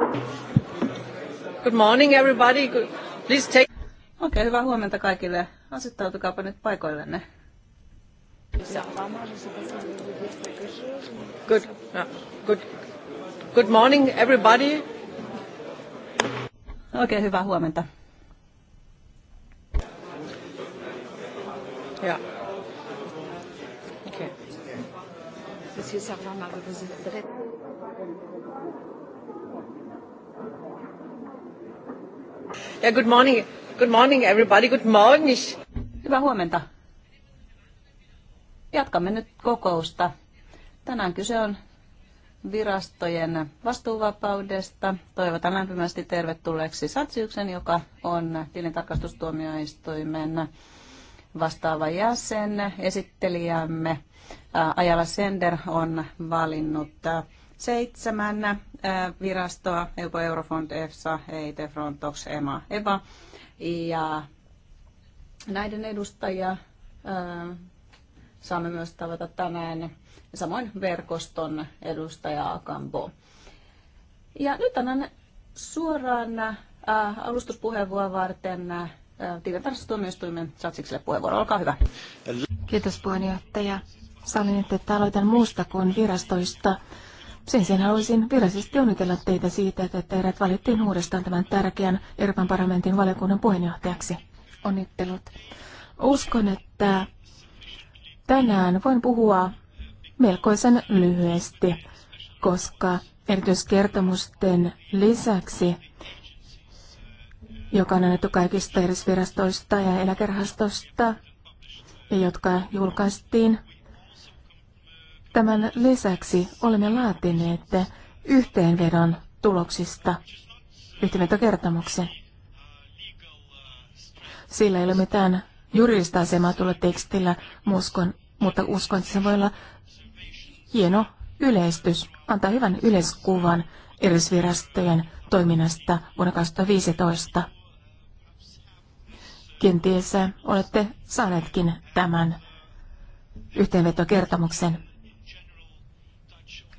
Good morning everybody. Please take... Okei, okay, hyvää huomenta kaikille. Asettautukaapa nyt paikoillenne. Good, uh, good, good morning everybody. Okei, okay, hyvää huomenta. Ja. Okay. Monsieur Servan, Yeah, good morning. Good morning everybody. Good morning. Hyvää huomenta. Jatkamme nyt kokousta. Tänään kyse on virastojen vastuuvapaudesta. Toivotan lämpimästi tervetulleeksi Satsiuksen, joka on tilintarkastustuomioistuimen vastaava jäsen. Esittelijämme Ajala Sender on valinnut seitsemän äh, virastoa, EUPO, Eurofond, EFSA, EIT, Frontox, EMA, EVA. Ja näiden edustajia äh, saamme myös tavata tänään, samoin verkoston edustaja Akambo. Ja nyt annan suoraan äh, alustuspuheenvuoroa varten tilintarkastustuomioistuimen satsikselle puheenvuoro. Olkaa hyvä. Kiitos puheenjohtaja. Sallin, että aloitan muusta kuin virastoista. Sen sen haluaisin virallisesti onnitella teitä siitä, että teidät valittiin uudestaan tämän tärkeän Euroopan parlamentin valiokunnan puheenjohtajaksi. Onnittelut. Uskon, että tänään voin puhua melkoisen lyhyesti, koska erityiskertomusten lisäksi, joka on annettu kaikista eri virastoista ja eläkerahastosta, ja jotka julkaistiin Tämän lisäksi olemme laatineet yhteenvedon tuloksista yhteenvetokertomuksen. Sillä ei ole mitään juridista asemaa tulla tekstillä, uskon, mutta uskon, että se voi olla hieno yleistys, antaa hyvän yleiskuvan erisvirastojen toiminnasta vuonna 2015. Kenties olette saaneetkin tämän yhteenvetokertomuksen.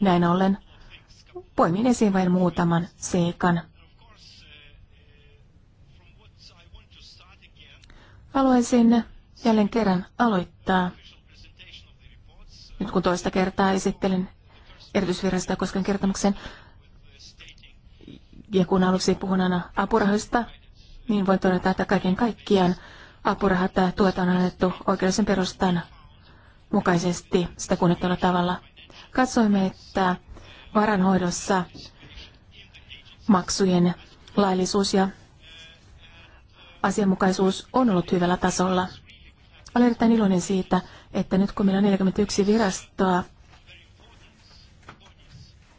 Näin ollen poimin esiin vain muutaman seikan. Haluaisin jälleen kerran aloittaa, nyt kun toista kertaa esittelen erityisvirastoa kosken kertomuksen, ja kun aluksi puhun aina apurahoista, niin voin todeta, että kaiken kaikkiaan apurahat tuetaan annettu oikeudellisen perustan mukaisesti sitä kunnettavalla tavalla. Katsoimme, että varanhoidossa maksujen laillisuus ja asianmukaisuus on ollut hyvällä tasolla. Olen erittäin iloinen siitä, että nyt kun meillä on 41 virastoa,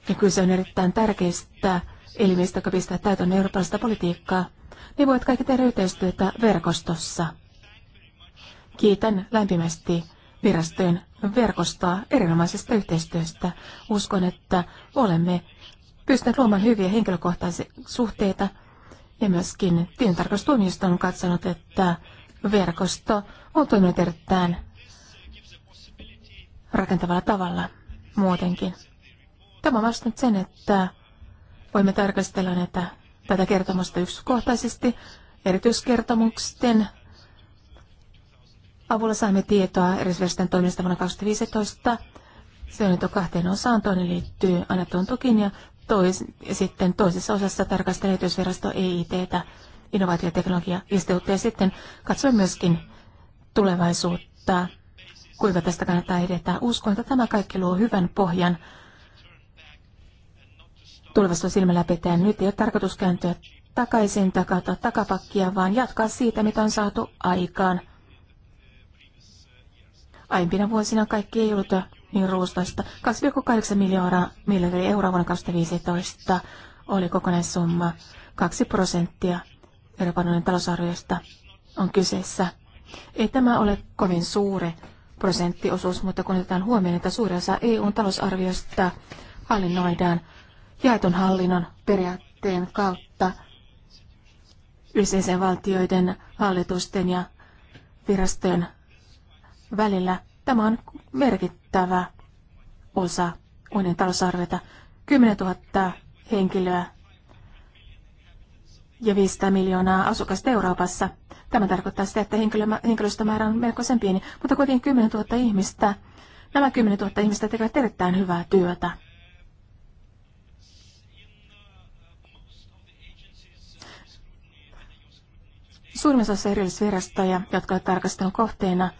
ja se on erittäin tärkeistä elimistä, joka pistää täytön eurooppalaista politiikkaa, niin voit kaikki tehdä yhteistyötä verkostossa. Kiitän lämpimästi virastojen verkostoa erinomaisesta yhteistyöstä. Uskon, että olemme pystyneet luomaan hyviä henkilökohtaisia suhteita ja myöskin tilintarkastustuomioistuin on katsonut, että verkosto on toiminut erittäin rakentavalla tavalla muutenkin. Tämä on vastannut sen, että voimme tarkastella näitä, tätä kertomusta yksikohtaisesti erityiskertomusten avulla saimme tietoa erisversten toiminnasta vuonna 2015. Se on kahteen osaan. Toinen liittyy annettuun tukiin ja, tois, ja sitten toisessa osassa tarkastelee työsvirasto EITtä, innovaatioteknologia instituutti. Ja sitten katsoin myöskin tulevaisuutta, kuinka tästä kannattaa edetä. Uskon, että tämä kaikki luo hyvän pohjan tulevasta silmällä pitäen. Nyt ei ole tarkoitus kääntyä takaisin, takata takapakkia, vaan jatkaa siitä, mitä on saatu aikaan Aiempina vuosina kaikki ei ollut niin ruustaista. 2,8 miljoonaa miljardia euroa vuonna 2015 oli kokonaissumma. 2 prosenttia Euroopan unionin talousarviosta on kyseessä. Ei tämä ole kovin suuri prosenttiosuus, mutta kun otetaan huomioon, että suurin osa EUn talousarviosta hallinnoidaan jaetun hallinnon periaatteen kautta yhteisen valtioiden hallitusten ja virastojen välillä. Tämä on merkittävä osa unen talousarvetta. 10 000 henkilöä ja 500 miljoonaa asukasta Euroopassa. Tämä tarkoittaa sitä, että henkilöstömäärä on melkoisen pieni, mutta kuitenkin 10 000 ihmistä. Nämä 10 000 ihmistä tekevät erittäin hyvää työtä. Suurimmassa osassa erillisvirastoja, jotka ovat tarkastelun kohteena,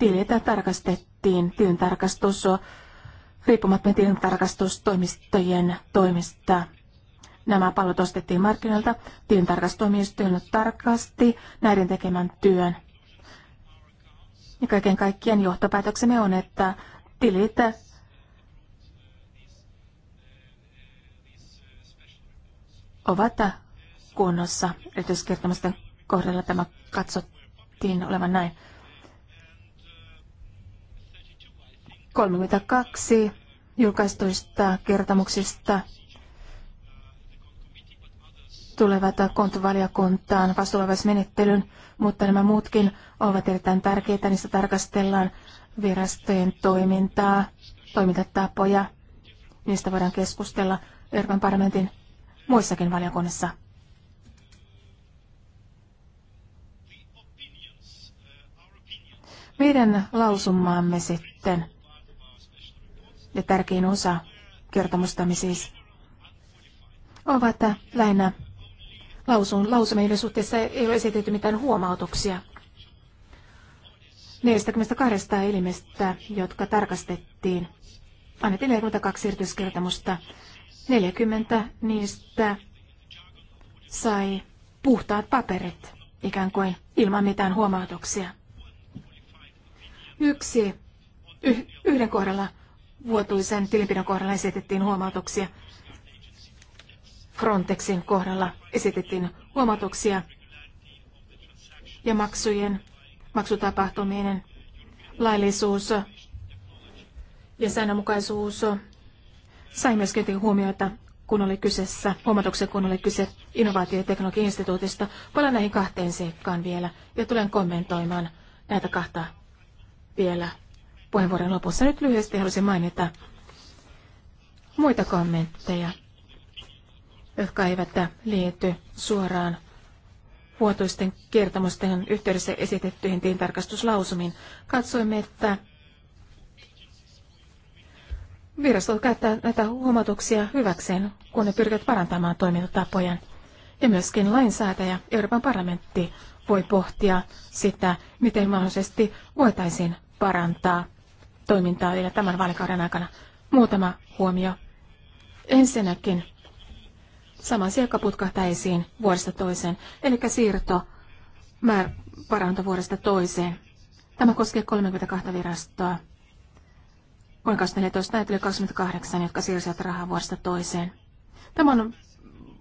Tilitä tarkastettiin tilintarkastus riippumatta tilintarkastustoimistojen toimista. Nämä palvelut ostettiin markkinoilta. Tilintarkastustoimistojen tarkasti näiden tekemän työn. Ja kaiken kaikkien johtopäätöksemme on, että tilit ovat kunnossa. Erityiskertomusten kohdalla tämä katsottiin olevan näin. 32 julkaistuista kertomuksista tulevat konttovaliokuntaan vastuullavaismenettelyn, mutta nämä muutkin ovat erittäin tärkeitä. Niissä tarkastellaan virastojen toimintaa, toimintatapoja. Niistä voidaan keskustella Euroopan parlamentin muissakin valiokunnissa. Meidän lausumaamme sitten – ja tärkein osa kertomustamme siis, ovat lähinnä lausun, lausumien suhteessa ei ole esitetty mitään huomautuksia. 42 elimestä, jotka tarkastettiin, annettiin 42 erityiskertomusta. 40 niistä sai puhtaat paperit, ikään kuin ilman mitään huomautuksia. Yksi, yh, yhden kohdalla vuotuisen tilinpidon kohdalla esitettiin huomautuksia. Frontexin kohdalla esitettiin huomautuksia ja maksujen, maksutapahtumien laillisuus ja säännönmukaisuus sai myöskin huomioita, kun oli kyseessä, huomautuksia, kun oli kyse innovaatio- ja teknologiainstituutista. Palaan näihin kahteen seikkaan vielä ja tulen kommentoimaan näitä kahta vielä puheenvuoron lopussa. Nyt lyhyesti haluaisin mainita muita kommentteja, jotka eivät liity suoraan vuotuisten kertomusten yhteydessä esitettyihin tilintarkastuslausumiin. Katsoimme, että virasto käyttää näitä huomautuksia hyväkseen, kun ne pyrkivät parantamaan toimintatapoja, Ja myöskin lainsäätäjä Euroopan parlamentti voi pohtia sitä, miten mahdollisesti voitaisiin parantaa toimintaa vielä tämän vaalikauden aikana. Muutama huomio. Ensinnäkin sama siekka putkahtaa esiin vuodesta toiseen, eli siirto määr, vuodesta toiseen. Tämä koskee 32 virastoa. Vuonna 2014 näitä oli 28, jotka siirsivät rahaa vuodesta toiseen. Tämä on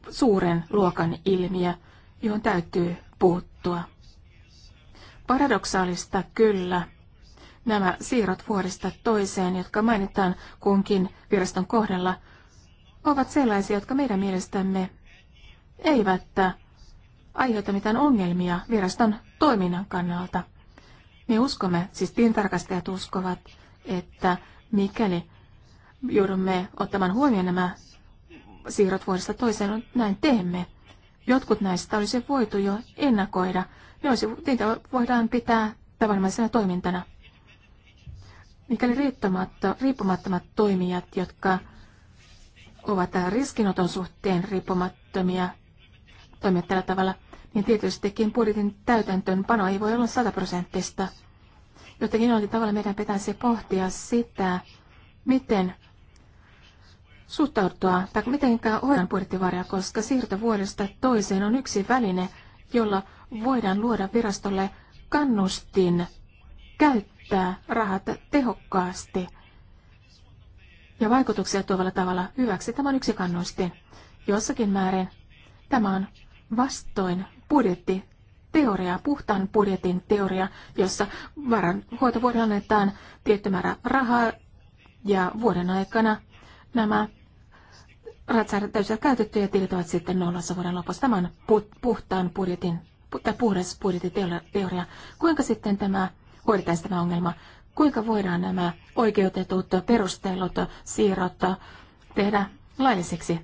suuren luokan ilmiö, johon täytyy puuttua. Paradoksaalista kyllä, nämä siirrot vuodesta toiseen, jotka mainitaan kunkin viraston kohdalla, ovat sellaisia, jotka meidän mielestämme eivät aiheuta mitään ongelmia viraston toiminnan kannalta. Me uskomme, siis tilintarkastajat uskovat, että mikäli joudumme ottamaan huomioon nämä siirrot vuodesta toiseen, näin teemme. Jotkut näistä olisi voitu jo ennakoida. Ne olisi, niitä voidaan pitää tavallisena toimintana mikäli riippumattomat toimijat, jotka ovat riskinoton suhteen riippumattomia, toimia tällä tavalla, niin tietystikin budjetin täytäntöönpano ei voi olla sataprosenttista. Jotenkin jollakin tavalla meidän pitäisi pohtia sitä, miten suhtautua tai mitenkään hoidan budjettivarja, koska siirto vuodesta toiseen on yksi väline, jolla voidaan luoda virastolle kannustin käyttää käyttää rahat tehokkaasti ja vaikutuksia tuovalla tavalla hyväksi. Tämä on yksi kannusti. Jossakin määrin tämä on vastoin budjetti teoriaa, puhtaan budjetin teoria, jossa voidaan annetaan tietty määrä rahaa ja vuoden aikana nämä rahat täysin käytettyä ja tilit ovat sitten nollassa vuoden lopussa. Tämä on puhtaan budjetin tai puhdas budjettiteoria. Kuinka sitten tämä hoidetaan tämä ongelma. Kuinka voidaan nämä oikeutetut perustelut, siirrot tehdä laillisiksi,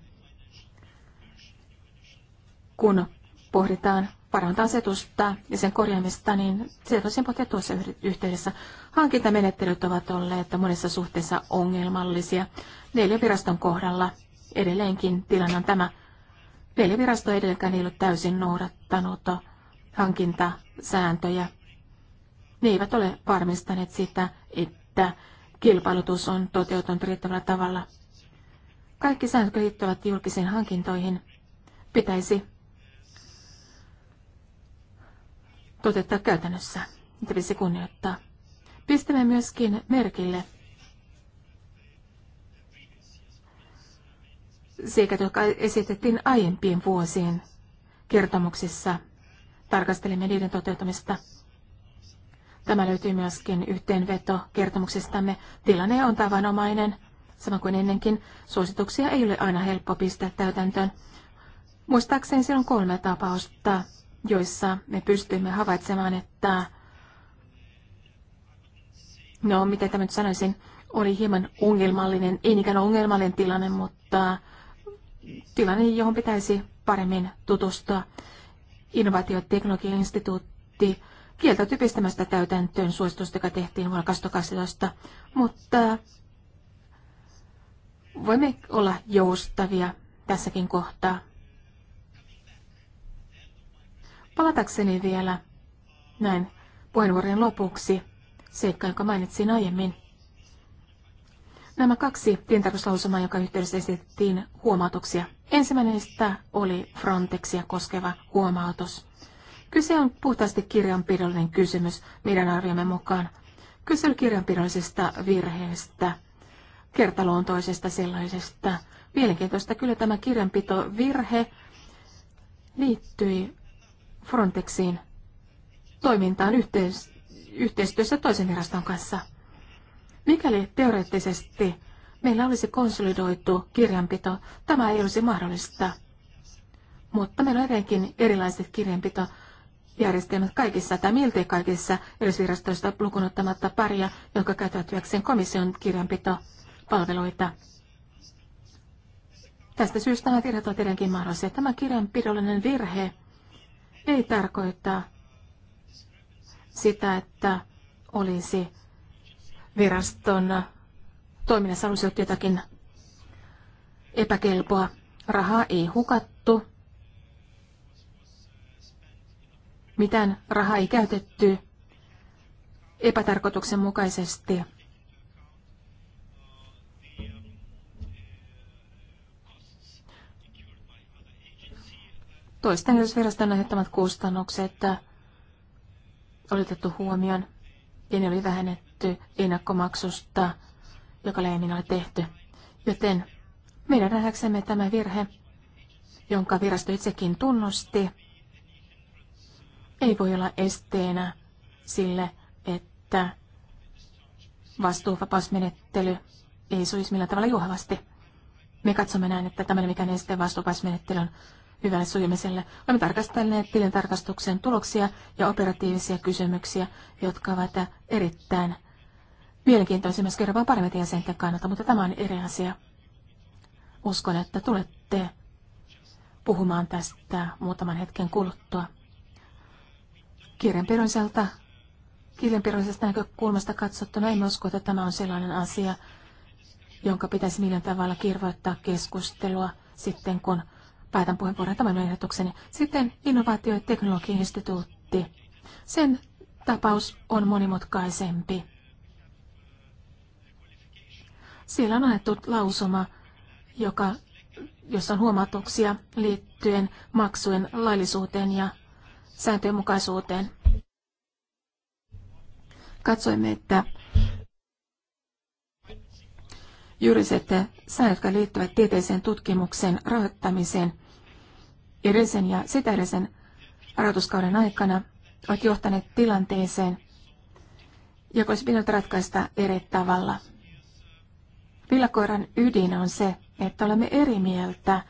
kun pohditaan parantaa asetusta ja sen korjaamista, niin se tosiaan pohtia tuossa yhteydessä. Hankintamenettelyt ovat olleet monessa suhteessa ongelmallisia. Neljä viraston kohdalla edelleenkin tilanne on tämä. Neljä virasto edelläkään ei ollut täysin noudattanut hankintasääntöjä ne eivät ole varmistaneet sitä, että kilpailutus on toteutunut riittävällä tavalla. Kaikki säännöt liittyvät julkisiin hankintoihin pitäisi toteuttaa käytännössä. Niitä pitäisi kunnioittaa. Pistämme myöskin merkille seikat, jotka esitettiin aiempien vuosien kertomuksissa. Tarkastelimme niiden toteutumista. Tämä löytyy myöskin yhteenveto kertomuksestamme. Tilanne on tavanomainen, sama kuin ennenkin. Suosituksia ei ole aina helppo pistää täytäntöön. Muistaakseni siellä on kolme tapausta, joissa me pystymme havaitsemaan, että no mitä tämä nyt sanoisin, oli hieman ongelmallinen, ei niinkään ongelmallinen tilanne, mutta tilanne, johon pitäisi paremmin tutustua. Innovaatioteknologian instituutti kieltäytyi pistämästä täytäntöön suositusta, joka tehtiin vuonna 2018. mutta voimme olla joustavia tässäkin kohtaa. Palatakseni vielä näin puheenvuoron lopuksi seikka, jonka mainitsin aiemmin. Nämä kaksi tilintarkastuslausumaa, joka yhteydessä esitettiin huomautuksia. Ensimmäinen oli Frontexia koskeva huomautus. Kyse on puhtaasti kirjanpidollinen kysymys meidän arviomme mukaan. Kyse on kirjanpidollisesta virheestä, kertaluontoisesta sellaisesta. Mielenkiintoista kyllä tämä kirjanpitovirhe liittyi Frontexiin toimintaan yhteis- yhteistyössä toisen viraston kanssa. Mikäli teoreettisesti meillä olisi konsolidoitu kirjanpito, tämä ei olisi mahdollista. Mutta meillä on edelleenkin erilaiset kirjanpito- järjestelmät kaikissa tai miltei kaikissa erillisvirastoista lukunottamatta paria, jotka käyttävät hyväkseen komission kirjanpitopalveluita. Tästä syystä nämä virheet ovat edelleenkin mahdollisia. Tämä kirjanpidollinen virhe ei tarkoita sitä, että olisi viraston toiminnassa olisi jotakin epäkelpoa. Rahaa ei hukattu mitään rahaa ei käytetty epätarkoituksenmukaisesti. Toisten viraston aiheuttamat kustannukset oli otettu huomioon ja ne oli vähennetty ennakkomaksusta, joka leimin oli tehty. Joten meidän nähdäksemme tämä virhe, jonka virasto itsekin tunnusti, ei voi olla esteenä sille, että vastuuvapausmenettely ei suisi millään tavalla juhavasti. Me katsomme näin, että tämä mikään este vastuuvapausmenettelyn hyvälle sujumiselle. Olemme tarkastelleet tilintarkastuksen tuloksia ja operatiivisia kysymyksiä, jotka ovat erittäin mielenkiintoisia myös kerrovan parlamentin jäsenten kannalta, mutta tämä on eri asia. Uskon, että tulette puhumaan tästä muutaman hetken kuluttua kirjanpidolliselta, kirjanpidollisesta näkökulmasta katsottuna en usko, että tämä on sellainen asia, jonka pitäisi millään tavalla kirvoittaa keskustelua sitten, kun päätän puheenvuoron tämän ehdotukseni. Sitten innovaatio- ja teknologiainstituutti. Sen tapaus on monimutkaisempi. Siellä on annettu lausuma, joka, jossa on huomautuksia liittyen maksujen laillisuuteen ja sääntöjen mukaisuuteen. Katsoimme, että juridiset säännöt, jotka liittyvät tieteeseen tutkimuksen rahoittamiseen edellisen ja sitä edellisen rahoituskauden aikana, ovat johtaneet tilanteeseen, joka olisi pitänyt ratkaista eri tavalla. Villakoiran ydin on se, että olemme eri mieltä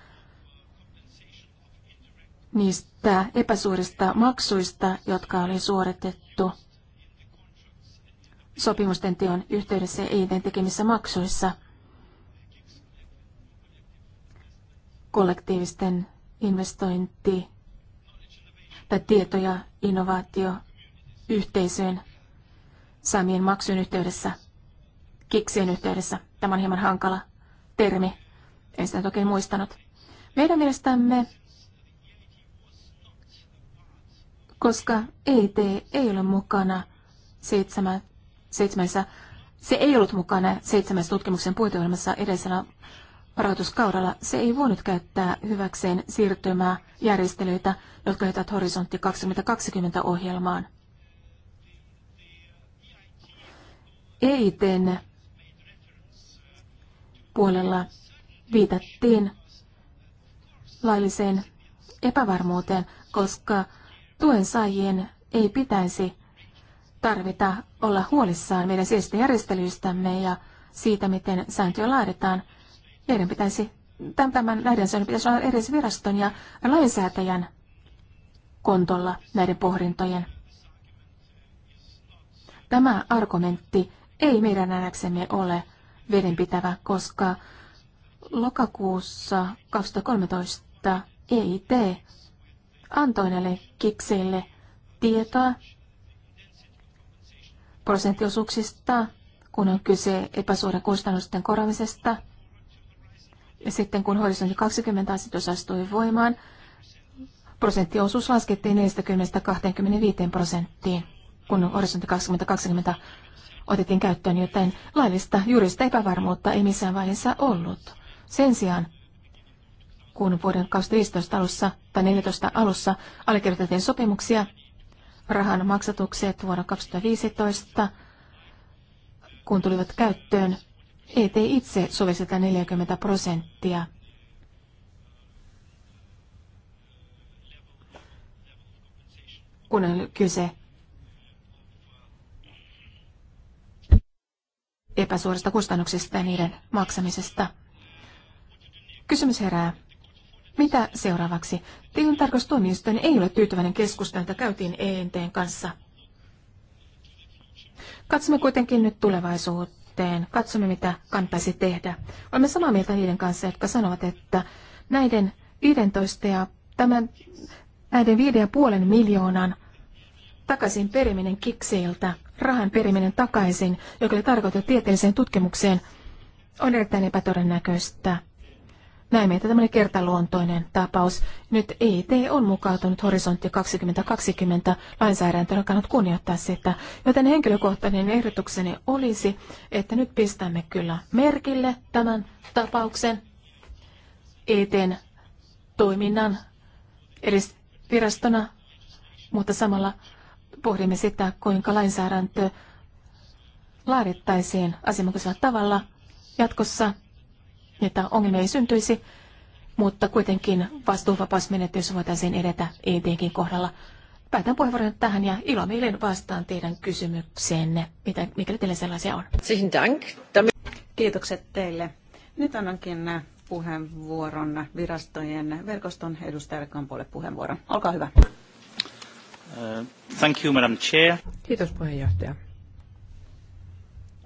niistä päättää epäsuorista maksuista, jotka oli suoritettu sopimusten teon yhteydessä ja EITen tekemissä maksuissa kollektiivisten investointi- tai tieto- ja innovaatioyhteisöjen saamien maksujen yhteydessä, kiksien yhteydessä. Tämä on hieman hankala termi, en sitä toki muistanut. Meidän mielestämme koska ET ei ole mukana seitsemä, seitsemässä, se ei ollut mukana seitsemässä tutkimuksen puiteohjelmassa edellisellä rahoituskaudella. Se ei voinut käyttää hyväkseen siirtymää järjestelyitä, jotka johtavat horisontti 2020 ohjelmaan. EITn puolella viitattiin lailliseen epävarmuuteen, koska Tuen saajien ei pitäisi tarvita olla huolissaan meidän sisäisistä järjestelyistämme ja siitä, miten sääntöjä laaditaan. Meidän pitäisi, tämän näiden sääntöjen pitäisi olla edes viraston ja lainsäätäjän kontolla näiden pohdintojen. Tämä argumentti ei meidän nähdäksemme ole vedenpitävä, koska lokakuussa 2013 EIT antoi näille kikseille tietoa prosenttiosuuksista, kun on kyse epäsuora kustannusten korvaamisesta. Ja sitten kun horisontti 20 asetus astui voimaan, prosenttiosuus laskettiin 40-25 prosenttiin, kun horisontti 2020 otettiin käyttöön, joten laillista juurista epävarmuutta ei missään vaiheessa ollut. Sen sijaan kun vuoden 2015 alussa tai 2014 alussa allekirjoitettiin sopimuksia, rahan maksatukset vuonna 2015, kun tulivat käyttöön, ET itse sovi 40 prosenttia. Kun on kyse epäsuorista kustannuksista ja niiden maksamisesta. Kysymys herää, mitä seuraavaksi? Tilintarkastustuomioistuin ei ole tyytyväinen keskustelua, jota käytiin ENTn kanssa. Katsomme kuitenkin nyt tulevaisuuteen. Katsomme, mitä kannattaisi tehdä. Olemme samaa mieltä niiden kanssa, jotka sanovat, että näiden 15 ja tämän, näiden 5,5 miljoonan takaisin periminen kikseiltä, rahan periminen takaisin, joka oli tarkoitettu tieteelliseen tutkimukseen, on erittäin epätodennäköistä. Näin meitä tämmöinen kertaluontoinen tapaus. Nyt EIT on mukautunut horisontti 2020 lainsäädäntöön kannattaa kunnioittaa sitä. Joten henkilökohtainen ehdotukseni olisi, että nyt pistämme kyllä merkille tämän tapauksen eteen toiminnan edes virastona, mutta samalla pohdimme sitä, kuinka lainsäädäntö laadittaisiin asianmukaisella tavalla jatkossa – että ongelmia ei syntyisi, mutta kuitenkin vastuuvapausmenettelyssä voitaisiin edetä ETkin kohdalla. Päätän puheenvuoron tähän ja ilomielin vastaan teidän kysymykseenne, mitä, mikä teille sellaisia on. Kiitokset teille. Nyt annankin puheenvuoron virastojen verkoston edustajalle Kampolle puheenvuoron. Olkaa hyvä. Uh, thank you, Madam Chair. Kiitos puheenjohtaja.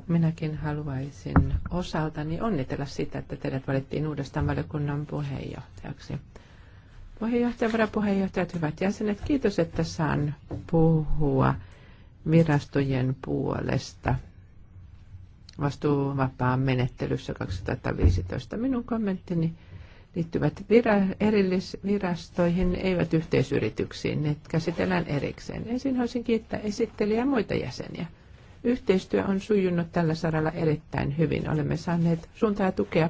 Minäkin haluaisin osaltani onnitella sitä, että teidät valittiin uudestaan valiokunnan puheenjohtajaksi. Puheenjohtaja, varapuheenjohtajat, hyvät jäsenet, kiitos, että saan puhua virastojen puolesta vastuuvapaan menettelyssä 2015. Minun kommenttini liittyvät vira- erillisvirastoihin, eivät yhteisyrityksiin. Ne käsitellään erikseen. Ensin haluaisin kiittää esittelijä ja muita jäseniä – Yhteistyö on sujunut tällä saralla erittäin hyvin. Olemme saaneet suuntaa tukea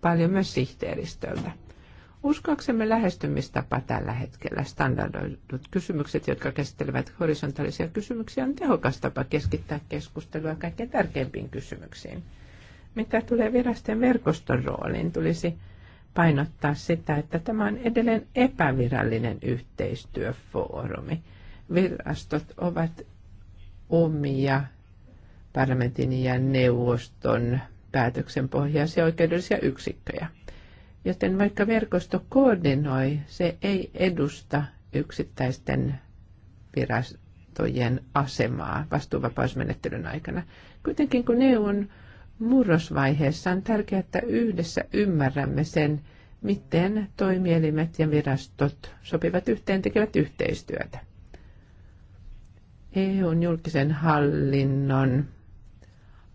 paljon myös sihteeristöltä. Uskoaksemme lähestymistapa tällä hetkellä, standardoidut kysymykset, jotka käsittelevät horisontaalisia kysymyksiä, on tehokas tapa keskittää keskustelua kaikkein tärkeimpiin kysymyksiin. Mitä tulee virasten verkoston rooliin, tulisi painottaa sitä, että tämä on edelleen epävirallinen yhteistyöfoorumi. Virastot ovat omia parlamentin ja neuvoston päätöksen pohjaisia oikeudellisia yksikköjä. Joten vaikka verkosto koordinoi, se ei edusta yksittäisten virastojen asemaa vastuuvapausmenettelyn aikana. Kuitenkin kun on murrosvaiheessa on tärkeää, että yhdessä ymmärrämme sen, miten toimielimet ja virastot sopivat yhteen, tekevät yhteistyötä. EUn julkisen hallinnon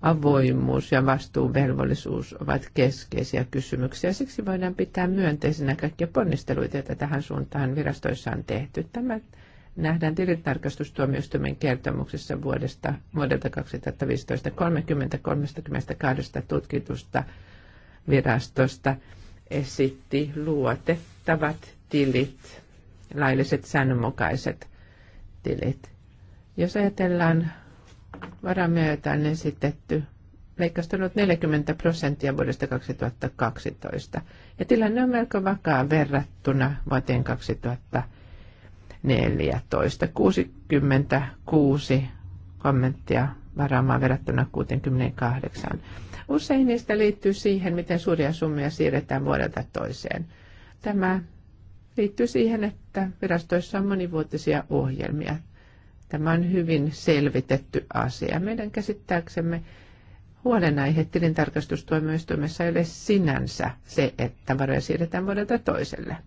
avoimuus ja vastuuvelvollisuus ovat keskeisiä kysymyksiä. Siksi voidaan pitää myönteisenä kaikkia ponnisteluita, joita tähän suuntaan virastoissa on tehty. Tämä nähdään tilintarkastustuomioistuimen kertomuksessa vuodesta, vuodelta 2015 30-32 tutkitusta virastosta esitti luotettavat tilit, lailliset säännönmukaiset tilit. Jos ajatellaan varamyötään esitetty leikkaistunut 40 prosenttia vuodesta 2012. Ja tilanne on melko vakaa verrattuna vuoteen 2014. 66 kommenttia varaamaan verrattuna 68. Usein niistä liittyy siihen, miten suuria summia siirretään vuodelta toiseen. Tämä liittyy siihen, että virastoissa on monivuotisia ohjelmia. Tämä on hyvin selvitetty asia. Meidän käsittääksemme huolenaihe tilintarkastustuomioistuimessa ei ole sinänsä se, että varoja siirretään vuodelta toiselle.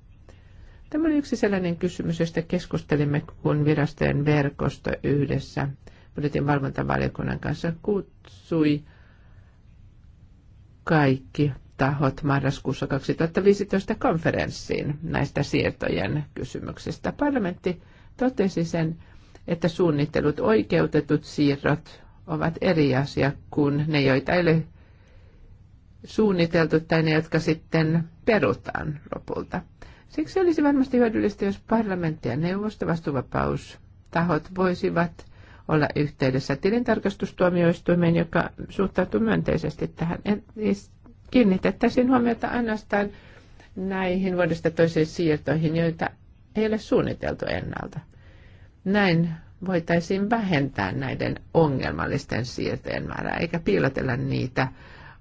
Tämä oli yksi sellainen kysymys, josta keskustelimme, kun virastojen verkosto yhdessä budjetin valvontavaliokunnan kanssa kutsui kaikki tahot marraskuussa 2015 konferenssiin näistä siirtojen kysymyksistä. Parlamentti totesi sen, että suunnittelut oikeutetut siirrot ovat eri asia kuin ne, joita ei ole suunniteltu tai ne, jotka sitten perutaan lopulta. Siksi olisi varmasti hyödyllistä, jos parlamentti ja neuvosto tahot voisivat olla yhteydessä tilintarkastustuomioistuimeen, joka suhtautuu myönteisesti tähän. Siis kiinnitettäisiin huomiota ainoastaan näihin vuodesta toiseen siirtoihin, joita ei ole suunniteltu ennalta. Näin voitaisiin vähentää näiden ongelmallisten siirtojen määrää, eikä piilotella niitä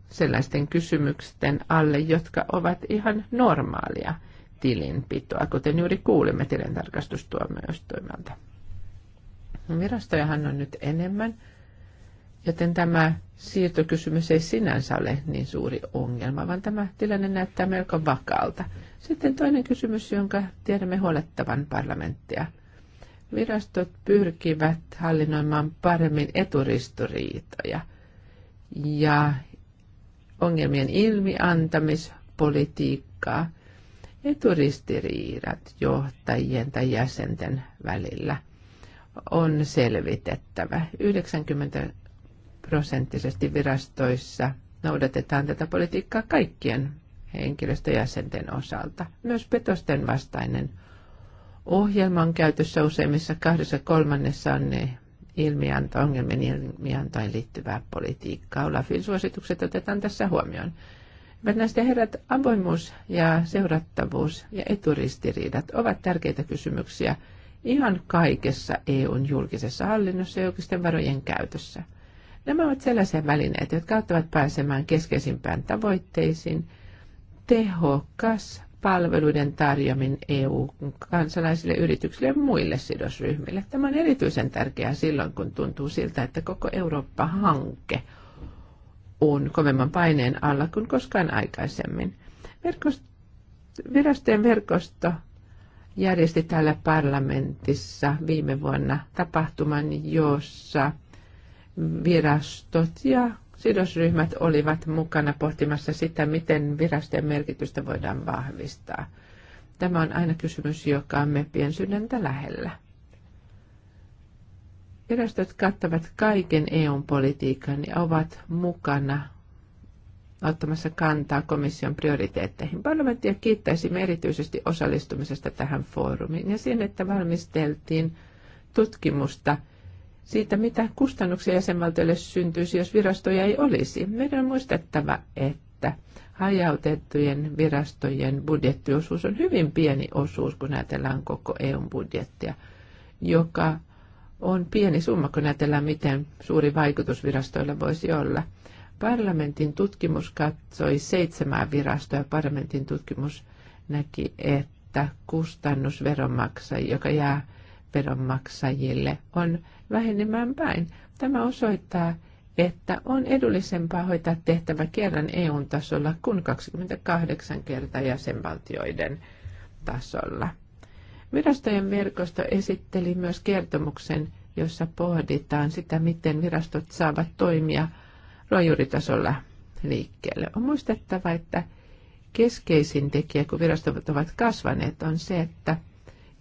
sellaisten kysymysten alle, jotka ovat ihan normaalia tilinpitoa, kuten juuri kuulimme tilintarkastustuomioistuimelta. Virastojahan on nyt enemmän, joten tämä siirtokysymys ei sinänsä ole niin suuri ongelma, vaan tämä tilanne näyttää melko vakaalta. Sitten toinen kysymys, jonka tiedämme huolettavan parlamenttia – Virastot pyrkivät hallinnoimaan paremmin eturistoriitoja ja ongelmien ilmiantamispolitiikkaa, eturistiriidat johtajien tai jäsenten välillä on selvitettävä. 90 prosenttisesti virastoissa noudatetaan tätä politiikkaa kaikkien henkilöstöjäsenten osalta. Myös petosten vastainen Ohjelma on käytössä useimmissa kahdessa kolmannessa on ne ilmianto, ongelmien ilmiantoin liittyvää politiikkaa. Olafin suositukset otetaan tässä huomioon. Hyvät näistä herrat, avoimuus ja seurattavuus ja eturistiriidat ovat tärkeitä kysymyksiä ihan kaikessa EUn julkisessa hallinnossa ja julkisten varojen käytössä. Nämä ovat sellaisia välineitä, jotka auttavat pääsemään keskeisimpään tavoitteisiin. Tehokas palveluiden tarjoamin EU-kansalaisille, yrityksille ja muille sidosryhmille. Tämä on erityisen tärkeää silloin, kun tuntuu siltä, että koko Eurooppa-hanke on kovemman paineen alla kuin koskaan aikaisemmin. Verkost, virastojen verkosto järjesti täällä parlamentissa viime vuonna tapahtuman, jossa virastot ja Sidosryhmät olivat mukana pohtimassa sitä, miten virastojen merkitystä voidaan vahvistaa. Tämä on aina kysymys, joka on meppien sydäntä lähellä. Virastot kattavat kaiken EUn politiikan ja ovat mukana ottamassa kantaa komission prioriteetteihin. Parlamenttia kiittäisimme erityisesti osallistumisesta tähän foorumiin ja siihen, että valmisteltiin tutkimusta – siitä, mitä kustannuksia jäsenvaltioille syntyisi, jos virastoja ei olisi. Meidän on muistettava, että hajautettujen virastojen budjettiosuus on hyvin pieni osuus, kun ajatellaan koko EUn budjettia, joka on pieni summa, kun ajatellaan, miten suuri vaikutus virastoilla voisi olla. Parlamentin tutkimus katsoi seitsemää virastoa. Parlamentin tutkimus näki, että kustannus joka jää veronmaksajille, on vähenemään päin. Tämä osoittaa, että on edullisempaa hoitaa tehtävä kerran EU-tasolla kuin 28 kertaa jäsenvaltioiden tasolla. Virastojen verkosto esitteli myös kertomuksen, jossa pohditaan sitä, miten virastot saavat toimia rojuritasolla liikkeelle. On muistettava, että keskeisin tekijä, kun virastot ovat kasvaneet, on se, että –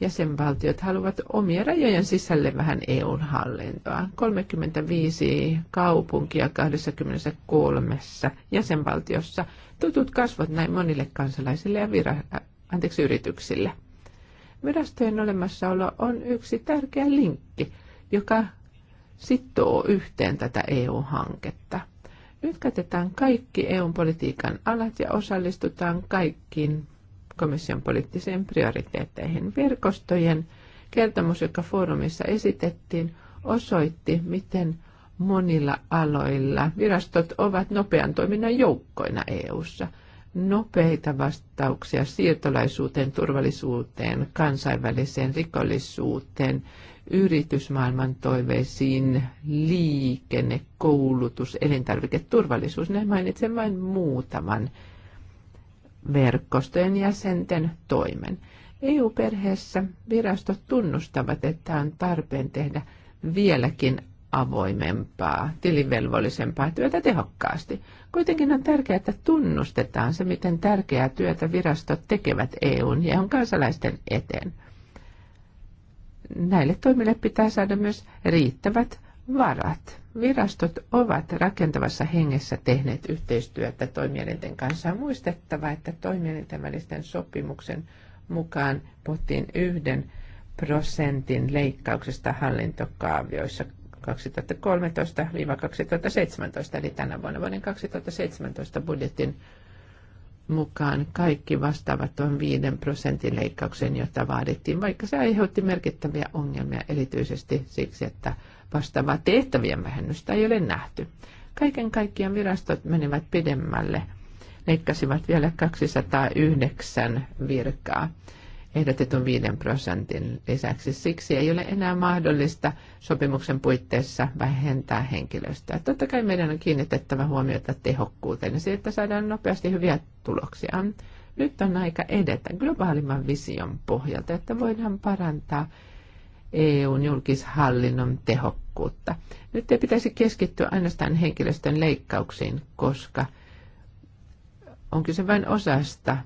jäsenvaltiot haluavat omien rajojen sisälle vähän EUn hallintoa. 35 kaupunkia 23 jäsenvaltiossa tutut kasvot näin monille kansalaisille ja vira- anteeksi, yrityksille. Virastojen olemassaolo on yksi tärkeä linkki, joka sitoo yhteen tätä EU-hanketta. Nyt katetaan kaikki eu politiikan alat ja osallistutaan kaikkiin komission poliittisiin prioriteetteihin. Verkostojen kertomus, joka foorumissa esitettiin, osoitti, miten monilla aloilla virastot ovat nopean toiminnan joukkoina EU:ssa. Nopeita vastauksia siirtolaisuuteen, turvallisuuteen, kansainväliseen rikollisuuteen, yritysmaailman toiveisiin, liikenne, koulutus, elintarviketurvallisuus. Ne mainitsen vain muutaman verkostojen jäsenten toimen. EU-perheessä virastot tunnustavat, että on tarpeen tehdä vieläkin avoimempaa, tilivelvollisempaa työtä tehokkaasti. Kuitenkin on tärkeää, että tunnustetaan se, miten tärkeää työtä virastot tekevät EUn ja on e kansalaisten eteen. Näille toimille pitää saada myös riittävät varat. Virastot ovat rakentavassa hengessä tehneet yhteistyötä toimielinten kanssa. On muistettava, että toimielinten välisten sopimuksen mukaan puhuttiin yhden prosentin leikkauksesta hallintokaavioissa 2013-2017, eli tänä vuonna vuoden 2017 budjetin mukaan kaikki vastaavat on 5 prosentin leikkauksen, jota vaadittiin, vaikka se aiheutti merkittäviä ongelmia erityisesti siksi, että vastaavaa tehtävien vähennystä ei ole nähty. Kaiken kaikkiaan virastot menivät pidemmälle, leikkasivat vielä 209 virkaa ehdotetun 5 prosentin lisäksi. Siksi ei ole enää mahdollista sopimuksen puitteissa vähentää henkilöstöä. Totta kai meidän on kiinnitettävä huomiota tehokkuuteen ja siihen, että saadaan nopeasti hyviä tuloksia. Nyt on aika edetä globaalimman vision pohjalta, että voidaan parantaa EUn julkishallinnon tehokkuutta. Nyt ei pitäisi keskittyä ainoastaan henkilöstön leikkauksiin, koska on kyse vain osasta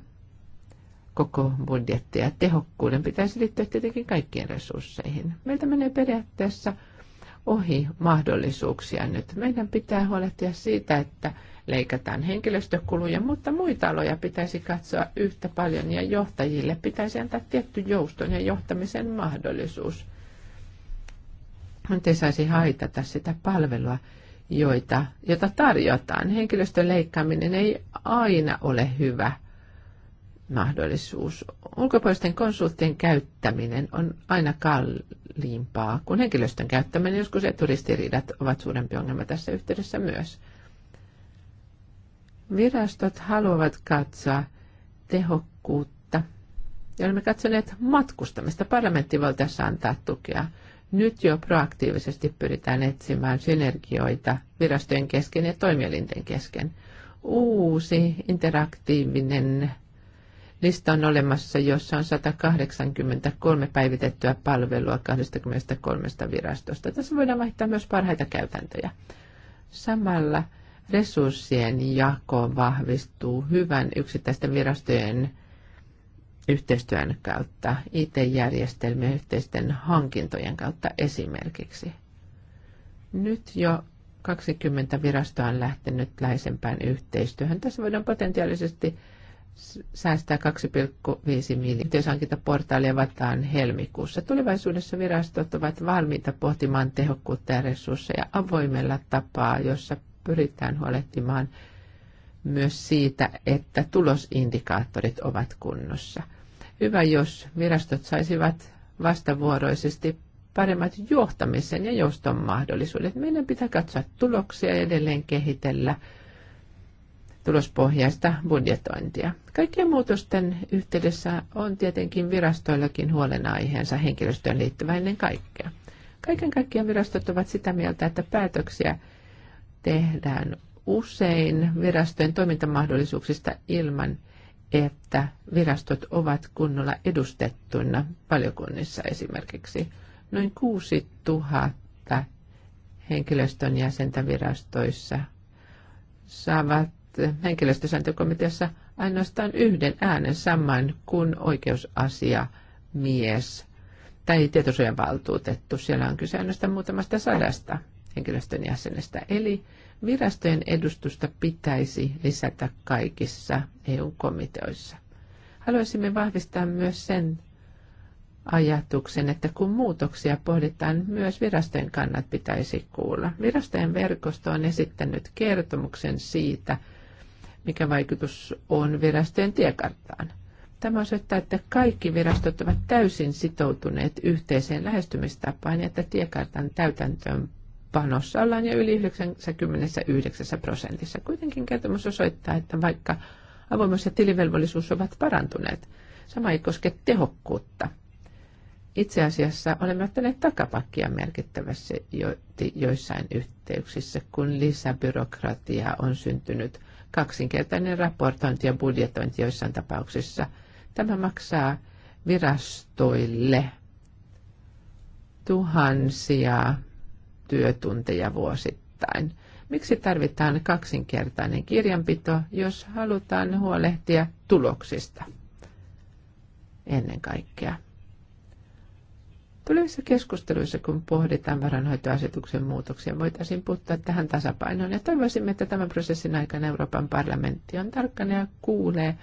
koko budjettia. Tehokkuuden pitäisi liittyä tietenkin kaikkiin resursseihin. Meiltä menee periaatteessa ohi mahdollisuuksia nyt. Meidän pitää huolehtia siitä, että leikataan henkilöstökuluja, mutta muita aloja pitäisi katsoa yhtä paljon ja johtajille pitäisi antaa tietty jouston ja johtamisen mahdollisuus nyt ei saisi haitata sitä palvelua, joita, jota tarjotaan. Henkilöstön leikkaaminen ei aina ole hyvä mahdollisuus. Ulkopuolisten konsulttien käyttäminen on aina kalliimpaa kuin henkilöstön käyttäminen. Joskus eturistiriidat ovat suurempi ongelma tässä yhteydessä myös. Virastot haluavat katsoa tehokkuutta. Ja olemme katsoneet matkustamista. Parlamentti voi tässä antaa tukea nyt jo proaktiivisesti pyritään etsimään synergioita virastojen kesken ja toimielinten kesken. Uusi interaktiivinen lista on olemassa, jossa on 183 päivitettyä palvelua 23 virastosta. Tässä voidaan vaihtaa myös parhaita käytäntöjä. Samalla resurssien jako vahvistuu hyvän yksittäisten virastojen yhteistyön kautta, IT-järjestelmien yhteisten hankintojen kautta esimerkiksi. Nyt jo 20 virastoa on lähtenyt läheisempään yhteistyöhön. Tässä voidaan potentiaalisesti säästää 2,5 miljoonaa. Yhteishankintaportaali avataan helmikuussa. Tulevaisuudessa virastot ovat valmiita pohtimaan tehokkuutta ja resursseja avoimella tapaa, jossa pyritään huolehtimaan myös siitä, että tulosindikaattorit ovat kunnossa – hyvä, jos virastot saisivat vastavuoroisesti paremmat johtamisen ja jouston mahdollisuudet. Meidän pitää katsoa tuloksia ja edelleen kehitellä tulospohjaista budjetointia. Kaikkien muutosten yhteydessä on tietenkin virastoillakin huolenaiheensa henkilöstöön liittyvä ennen kaikkea. Kaiken kaikkiaan virastot ovat sitä mieltä, että päätöksiä tehdään usein virastojen toimintamahdollisuuksista ilman – että virastot ovat kunnolla edustettuina valiokunnissa esimerkiksi. Noin 6000 henkilöstön jäsentä virastoissa saavat henkilöstösääntökomiteassa ainoastaan yhden äänen saman kuin oikeusasiamies tai tietosuojavaltuutettu. Siellä on kyse ainoastaan muutamasta sadasta henkilöstön jäsenestä. Eli Virastojen edustusta pitäisi lisätä kaikissa EU-komiteoissa. Haluaisimme vahvistaa myös sen ajatuksen, että kun muutoksia pohditaan, myös virastojen kannat pitäisi kuulla. Virastojen verkosto on esittänyt kertomuksen siitä, mikä vaikutus on virastojen tiekarttaan. Tämä osoittaa, että kaikki virastot ovat täysin sitoutuneet yhteiseen lähestymistapaan ja että tiekartan täytäntöön panossa ollaan jo yli 99 prosentissa. Kuitenkin kertomus osoittaa, että vaikka avoimuus ja tilivelvollisuus ovat parantuneet, sama ei koske tehokkuutta. Itse asiassa olemme ottaneet takapakkia merkittävässä jo, joissain yhteyksissä, kun lisäbyrokratiaa on syntynyt kaksinkertainen raportointi ja budjetointi joissain tapauksissa. Tämä maksaa virastoille tuhansia työtunteja vuosittain. Miksi tarvitaan kaksinkertainen kirjanpito, jos halutaan huolehtia tuloksista ennen kaikkea? Tulevissa keskusteluissa, kun pohditaan varanhoitoasetuksen muutoksia, voitaisiin puuttua tähän tasapainoon. Ja toivoisimme, että tämän prosessin aikana Euroopan parlamentti on tarkkana ja kuulee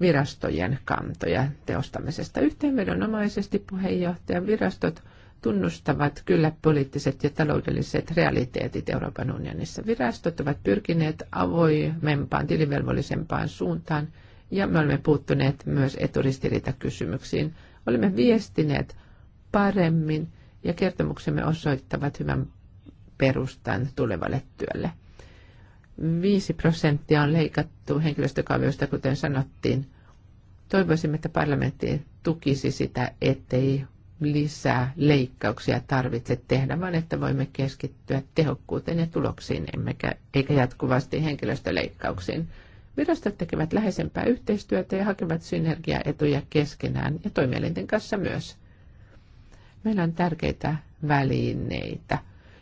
virastojen kantoja teostamisesta. Yhteenvedonomaisesti puheenjohtajan virastot – tunnustavat kyllä poliittiset ja taloudelliset realiteetit Euroopan unionissa. Virastot ovat pyrkineet avoimempaan, tilivelvollisempaan suuntaan ja me olemme puuttuneet myös eturistiriitakysymyksiin. Olemme viestineet paremmin ja kertomuksemme osoittavat hyvän perustan tulevalle työlle. 5 prosenttia on leikattu henkilöstökaviosta, kuten sanottiin. Toivoisimme, että parlamentti tukisi sitä, ettei lisää leikkauksia tarvitse tehdä, vaan että voimme keskittyä tehokkuuteen ja tuloksiin, emmekä, eikä jatkuvasti henkilöstöleikkauksiin. Virastot tekevät läheisempää yhteistyötä ja hakevat synergiaetuja keskenään ja toimielinten kanssa myös. Meillä on tärkeitä välineitä,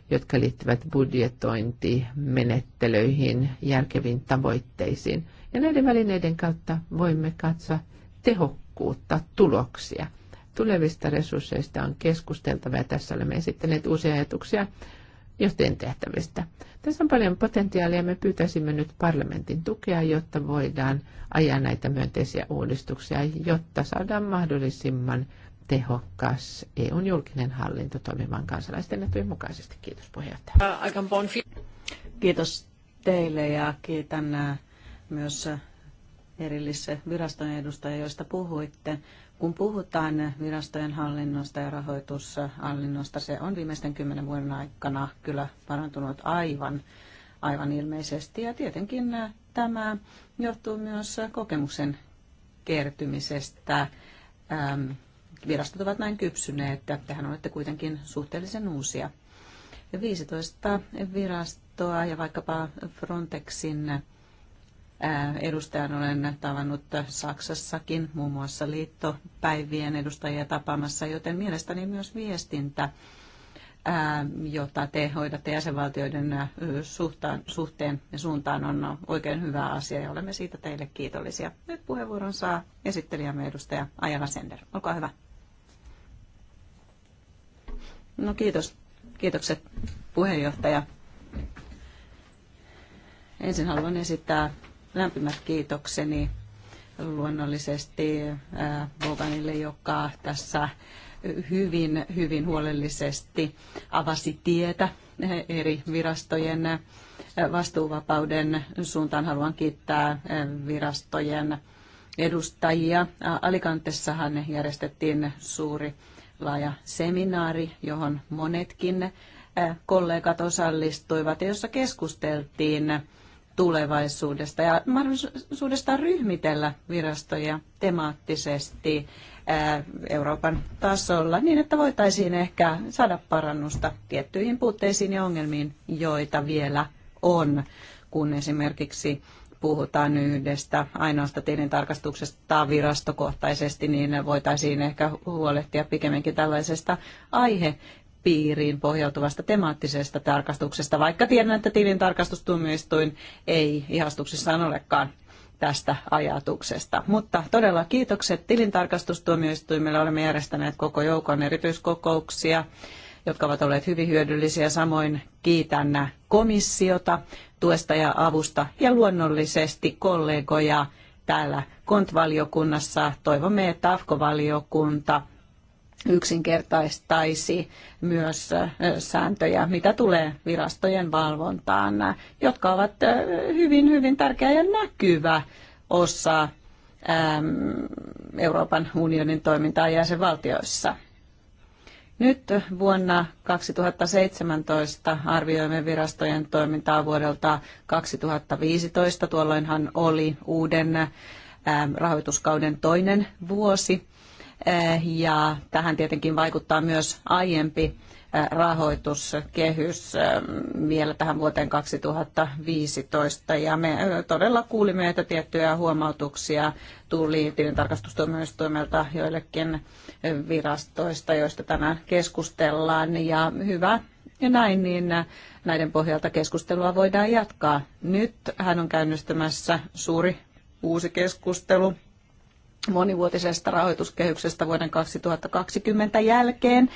jotka liittyvät budjetointimenettelyihin, menettelyihin, järkeviin tavoitteisiin. Ja näiden välineiden kautta voimme katsoa tehokkuutta, tuloksia – Tulevista resursseista on keskusteltava ja tässä olemme esittäneet uusia ajatuksia johtajien tehtävistä. Tässä on paljon potentiaalia. Me pyytäisimme nyt parlamentin tukea, jotta voidaan ajaa näitä myönteisiä uudistuksia, jotta saadaan mahdollisimman tehokas EUn julkinen hallinto toimimaan kansalaisten etujen mukaisesti. Kiitos puheenjohtaja. Kiitos teille ja kiitän äh, myös äh, erillisen viraston edustajia, joista puhuitte kun puhutaan virastojen hallinnosta ja rahoitushallinnosta, se on viimeisten kymmenen vuoden aikana kyllä parantunut aivan, aivan ilmeisesti. Ja tietenkin tämä johtuu myös kokemuksen kertymisestä. Ähm, virastot ovat näin kypsyneet, että tehän olette kuitenkin suhteellisen uusia. 15 virastoa ja vaikkapa Frontexin edustajan olen tavannut Saksassakin, muun muassa liittopäivien edustajia tapaamassa, joten mielestäni myös viestintä jota te hoidatte jäsenvaltioiden suhtaan, suhteen ja suuntaan on oikein hyvä asia ja olemme siitä teille kiitollisia. Nyt puheenvuoron saa esittelijämme edustaja Ajala Sender. Olkaa hyvä. No kiitos. Kiitokset puheenjohtaja. Ensin haluan esittää lämpimät kiitokseni luonnollisesti äh, Boganille, joka tässä hyvin, hyvin huolellisesti avasi tietä eri virastojen äh, vastuuvapauden suuntaan. Haluan kiittää äh, virastojen edustajia. Alikantessahan järjestettiin suuri laaja seminaari, johon monetkin kollegat osallistuivat ja jossa keskusteltiin tulevaisuudesta ja mahdollisuudesta ryhmitellä virastoja temaattisesti eh, Euroopan tasolla niin, että voitaisiin ehkä saada parannusta tiettyihin puutteisiin ja ongelmiin, joita vielä on, kun esimerkiksi puhutaan yhdestä ainoasta tilintarkastuksesta virastokohtaisesti, niin voitaisiin ehkä huolehtia pikemminkin tällaisesta aihe piiriin pohjautuvasta temaattisesta tarkastuksesta, vaikka tiedän, että tilin tarkastustuomioistuin ei ihastuksissaan olekaan tästä ajatuksesta. Mutta todella kiitokset tilintarkastustuomioistuimelle. Olemme järjestäneet koko joukon erityiskokouksia, jotka ovat olleet hyvin hyödyllisiä. Samoin kiitän komissiota tuesta ja avusta ja luonnollisesti kollegoja täällä kontvaliokunnassa. Toivomme, että AFKO-valiokunta yksinkertaistaisi myös sääntöjä, mitä tulee virastojen valvontaan, jotka ovat hyvin, hyvin tärkeä ja näkyvä osa Euroopan unionin toimintaa jäsenvaltioissa. Nyt vuonna 2017 arvioimme virastojen toimintaa vuodelta 2015. Tuolloinhan oli uuden rahoituskauden toinen vuosi. Eh, ja tähän tietenkin vaikuttaa myös aiempi eh, rahoituskehys eh, vielä tähän vuoteen 2015. Ja me todella kuulimme, että tiettyjä huomautuksia tuli tilintarkastustuomioistuimelta joillekin virastoista, joista tänään keskustellaan. Ja hyvä ja näin, niin näiden pohjalta keskustelua voidaan jatkaa. Nyt hän on käynnistämässä suuri uusi keskustelu monivuotisesta rahoituskehyksestä vuoden 2020 jälkeen.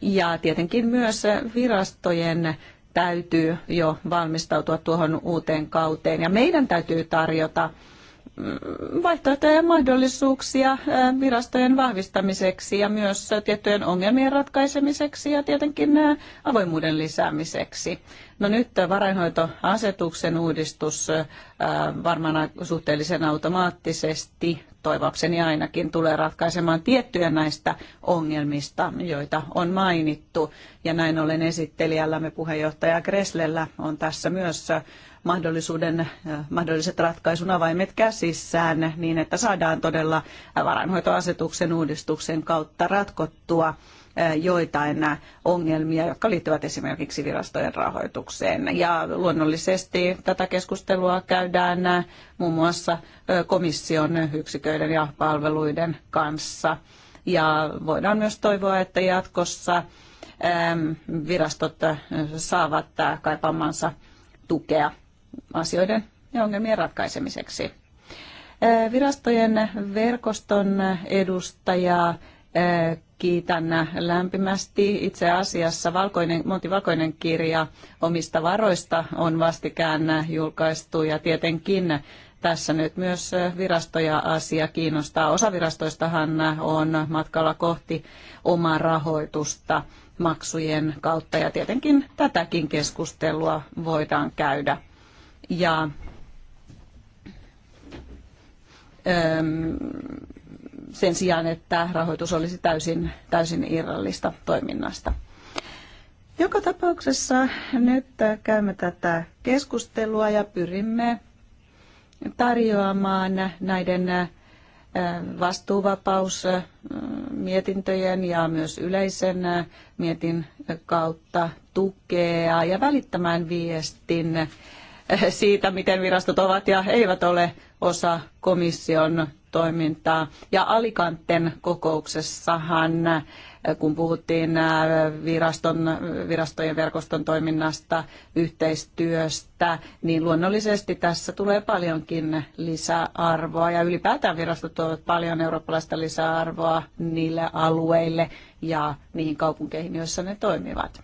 Ja tietenkin myös virastojen täytyy jo valmistautua tuohon uuteen kauteen ja meidän täytyy tarjota vaihtoehtoja ja mahdollisuuksia virastojen vahvistamiseksi ja myös tiettyjen ongelmien ratkaisemiseksi ja tietenkin avoimuuden lisäämiseksi. No nyt varainhoitoasetuksen uudistus varmaan suhteellisen automaattisesti, toivokseni ainakin, tulee ratkaisemaan tiettyjä näistä ongelmista, joita on mainittu. Ja näin ollen esittelijällämme puheenjohtaja Kreslellä on tässä myös mahdollisuuden, mahdolliset ratkaisun avaimet käsissään niin, että saadaan todella varainhoitoasetuksen uudistuksen kautta ratkottua joitain ongelmia, jotka liittyvät esimerkiksi virastojen rahoitukseen. Ja luonnollisesti tätä keskustelua käydään muun muassa komission yksiköiden ja palveluiden kanssa. Ja voidaan myös toivoa, että jatkossa virastot saavat kaipaamansa tukea asioiden ja ongelmien ratkaisemiseksi. Virastojen verkoston edustaja kiitän lämpimästi. Itse asiassa valkoinen, Monti Valkoinen kirja omista varoista on vastikään julkaistu ja tietenkin tässä nyt myös virastoja asia kiinnostaa. Osa virastoistahan on matkalla kohti omaa rahoitusta maksujen kautta ja tietenkin tätäkin keskustelua voidaan käydä ja ähm, sen sijaan, että rahoitus olisi täysin, täysin irrallista toiminnasta. Joka tapauksessa nyt käymme tätä keskustelua ja pyrimme tarjoamaan näiden äh, vastuuvapausmietintöjen ja myös yleisen äh, mietin kautta tukea ja välittämään viestin siitä, miten virastot ovat ja eivät ole osa komission toimintaa. Ja Alikanten kokouksessahan, kun puhuttiin äh, viraston, virastojen verkoston toiminnasta, yhteistyöstä, niin luonnollisesti tässä tulee paljonkin lisäarvoa. Ja ylipäätään virastot tuovat paljon eurooppalaista lisäarvoa niille alueille ja niihin kaupunkeihin, joissa ne toimivat.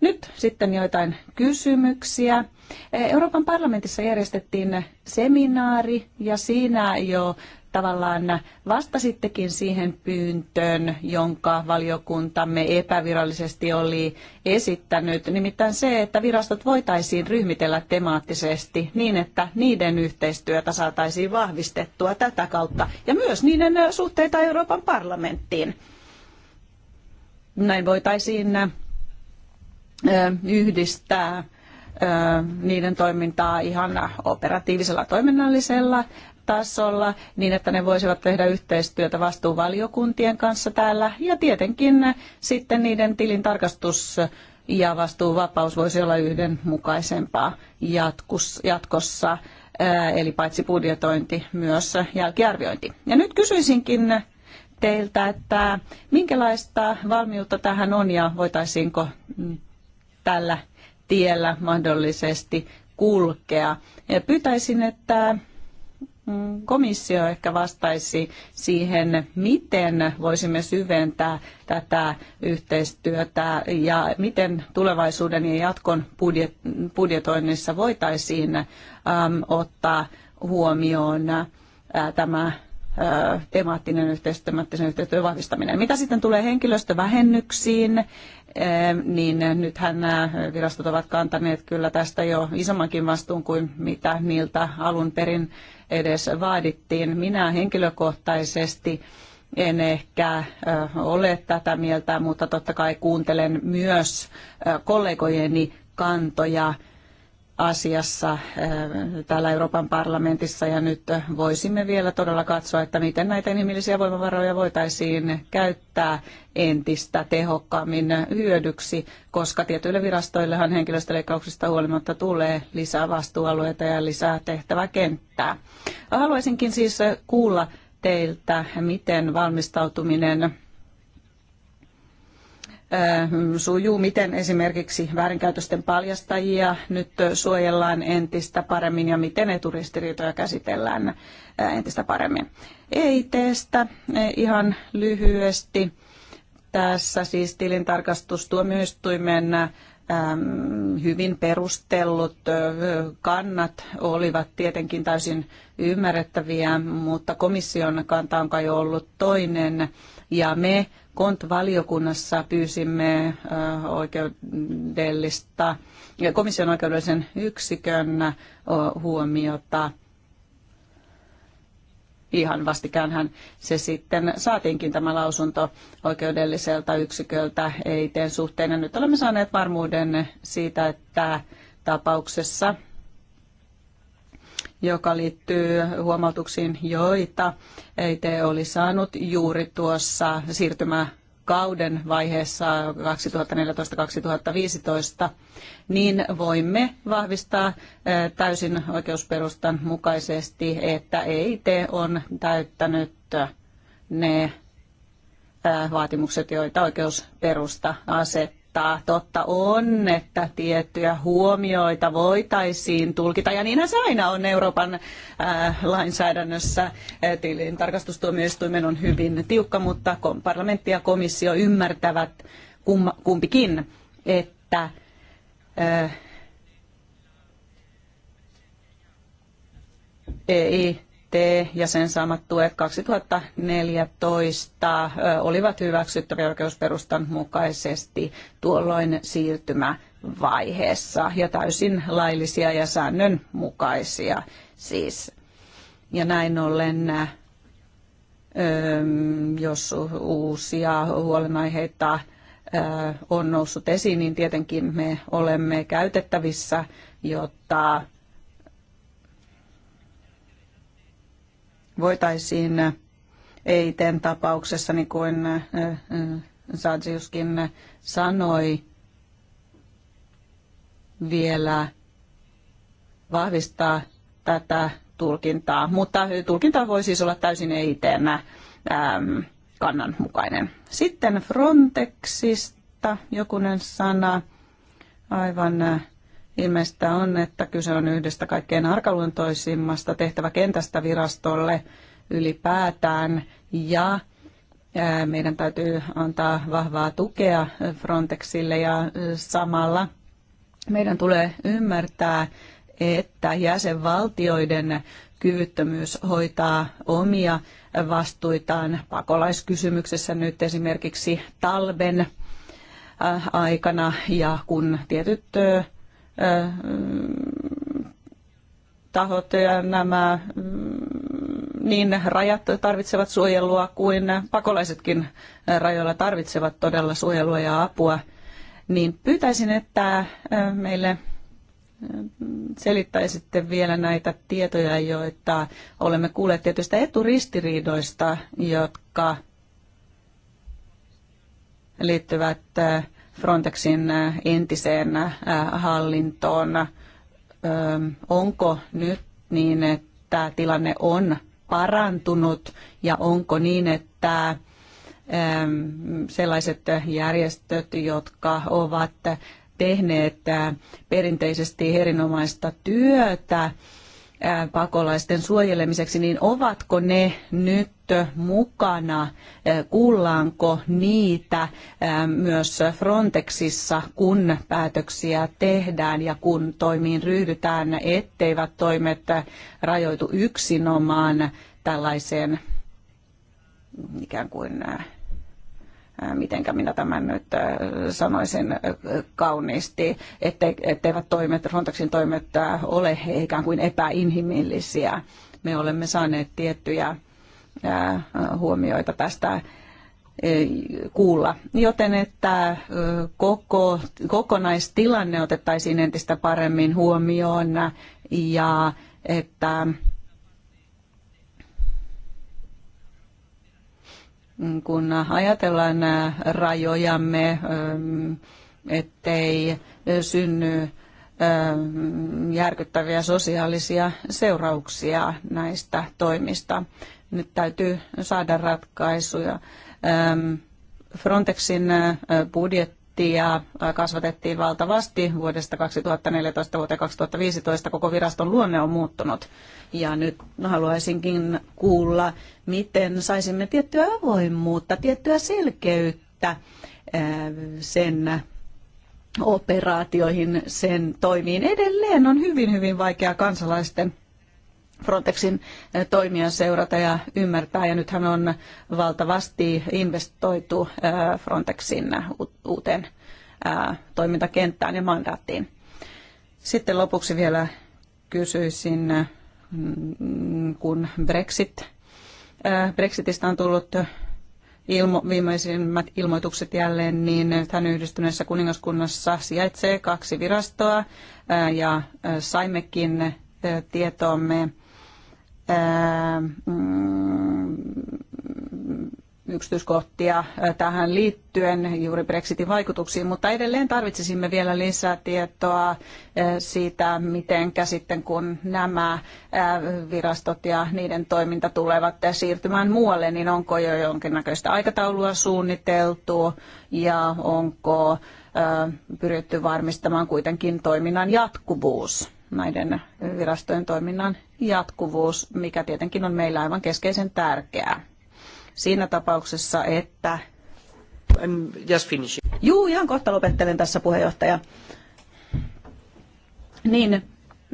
Nyt sitten joitain kysymyksiä. Euroopan parlamentissa järjestettiin seminaari ja siinä jo tavallaan vastasittekin siihen pyyntöön, jonka valiokuntamme epävirallisesti oli esittänyt. Nimittäin se, että virastot voitaisiin ryhmitellä temaattisesti niin, että niiden yhteistyötä saataisiin vahvistettua tätä kautta ja myös niiden suhteita Euroopan parlamenttiin. Näin voitaisiin yhdistää niiden toimintaa ihan operatiivisella toiminnallisella tasolla niin, että ne voisivat tehdä yhteistyötä vastuuvaliokuntien kanssa täällä ja tietenkin sitten niiden tilintarkastus ja vastuuvapaus voisi olla yhdenmukaisempaa jatkossa, eli paitsi budjetointi, myös jälkiarviointi. Ja nyt kysyisinkin teiltä, että minkälaista valmiutta tähän on ja voitaisiinko tällä tiellä mahdollisesti kulkea. Ja pyytäisin, että mm, komissio ehkä vastaisi siihen, miten voisimme syventää tätä yhteistyötä ja miten tulevaisuuden ja jatkon budjetoinnissa voitaisiin ottaa huomioon tämä temaattinen yhteistyö, temaattisen yhteistyön vahvistaminen. Mitä sitten tulee henkilöstövähennyksiin, niin nythän nämä virastot ovat kantaneet kyllä tästä jo isommankin vastuun kuin mitä niiltä alun perin edes vaadittiin. Minä henkilökohtaisesti en ehkä ole tätä mieltä, mutta totta kai kuuntelen myös kollegojeni kantoja asiassa äh, täällä Euroopan parlamentissa ja nyt voisimme vielä todella katsoa, että miten näitä inhimillisiä voimavaroja voitaisiin käyttää entistä tehokkaammin hyödyksi, koska tietyille virastoillehan henkilöstöleikkauksista huolimatta tulee lisää vastuualueita ja lisää tehtäväkenttää. Haluaisinkin siis kuulla teiltä, miten valmistautuminen sujuu, miten esimerkiksi väärinkäytösten paljastajia nyt suojellaan entistä paremmin ja miten eturistiriitoja käsitellään entistä paremmin. EITstä e, ihan lyhyesti. Tässä siis tilintarkastustuomioistuimen hyvin perustellut kannat olivat tietenkin täysin ymmärrettäviä, mutta komission kanta on kai ollut toinen ja me KONT-valiokunnassa pyysimme äh, oikeudellista, komission oikeudellisen yksikön huomiota. Ihan vastikäänhän se sitten saatiinkin tämä lausunto oikeudelliselta yksiköltä EITn suhteen. Ja nyt olemme saaneet varmuuden siitä, että tapauksessa joka liittyy huomautuksiin, joita EIT oli saanut juuri tuossa siirtymäkauden vaiheessa 2014-2015, niin voimme vahvistaa eh, täysin oikeusperustan mukaisesti, että EIT on täyttänyt ne eh, vaatimukset, joita oikeusperusta asettaa totta, totta on, että tiettyjä huomioita voitaisiin tulkita, ja niinhän se aina on Euroopan äh, lainsäädännössä. Äh, Tilin tarkastustuomioistuimen on hyvin tiukka, mutta parlamentti ja komissio ymmärtävät kum, kumpikin, että äh, ei ja sen saamat tuet 2014 olivat hyväksyttäviä oikeusperustan mukaisesti tuolloin siirtymävaiheessa ja täysin laillisia ja säännönmukaisia siis. Ja näin ollen jos uusia huolenaiheita on noussut esiin, niin tietenkin me olemme käytettävissä, jotta voitaisiin EITen tapauksessa, niin kuin äh, äh, Sadziuskin sanoi, vielä vahvistaa tätä tulkintaa, mutta tulkinta voi siis olla täysin EITn ähm, kannan mukainen. Sitten Frontexista jokunen sana aivan äh, Ilmeistä on, että kyse on yhdestä kaikkein arkaluontoisimmasta tehtäväkentästä virastolle ylipäätään ja meidän täytyy antaa vahvaa tukea Frontexille ja samalla meidän tulee ymmärtää, että jäsenvaltioiden kyvyttömyys hoitaa omia vastuitaan pakolaiskysymyksessä nyt esimerkiksi talven aikana ja kun tietyt tahot ja nämä mm, niin rajat tarvitsevat suojelua kuin pakolaisetkin rajoilla tarvitsevat todella suojelua ja apua, niin pyytäisin, että meille selittäisitte vielä näitä tietoja, joita olemme kuulleet tietystä eturistiriidoista, jotka liittyvät Frontexin äh, entiseen äh, hallintoon. Onko nyt niin, että tilanne on parantunut ja onko niin, että sellaiset järjestöt, jotka ovat tehneet äh, perinteisesti erinomaista työtä, pakolaisten suojelemiseksi, niin ovatko ne nyt mukana, kuullaanko niitä myös Frontexissa, kun päätöksiä tehdään ja kun toimiin ryhdytään, etteivät toimet rajoitu yksinomaan tällaiseen ikään kuin Äh, miten minä tämän nyt äh, sanoisin äh, kauniisti, ette, etteivät toimet, Frontexin toimet ole ikään kuin epäinhimillisiä. Me olemme saaneet tiettyjä huomioita tästä kuulla. Joten että koko, kokonaistilanne otettaisiin entistä paremmin huomioon ja että Mm, kun ajatellaan äh, rajojamme, ähm, ettei äh, synny ähm, järkyttäviä sosiaalisia seurauksia näistä toimista. Nyt täytyy saada ratkaisuja. Ähm, Frontexin äh, budjetti ja kasvatettiin valtavasti vuodesta 2014 vuoteen 2015. Koko viraston luonne on muuttunut. Ja nyt haluaisinkin kuulla, miten saisimme tiettyä avoimuutta, tiettyä selkeyttä sen operaatioihin, sen toimiin. Edelleen on hyvin, hyvin vaikea kansalaisten Frontexin eh, toimia seurata ja ymmärtää. Ja nythän on valtavasti investoitu eh, Frontexin eh, uuteen toimintakenttään ja mandaattiin. Sitten lopuksi vielä kysyisin, mm, kun Brexit, Brexitistä on tullut ilmo, viimeisimmät ilmoitukset jälleen, niin tämän yhdistyneessä kuningaskunnassa sijaitsee kaksi virastoa ja saimmekin tietoomme Mm, yksityiskohtia tähän liittyen juuri Brexitin vaikutuksiin, mutta edelleen tarvitsisimme vielä lisää tietoa siitä, miten sitten kun nämä virastot ja niiden toiminta tulevat siirtymään muualle, niin onko jo jonkinnäköistä aikataulua suunniteltu ja onko pyritty varmistamaan kuitenkin toiminnan jatkuvuus näiden virastojen toiminnan jatkuvuus, mikä tietenkin on meillä aivan keskeisen tärkeää. Siinä tapauksessa, että... I'm just finishing. Juu, ihan kohta lopettelen tässä puheenjohtaja. Niin,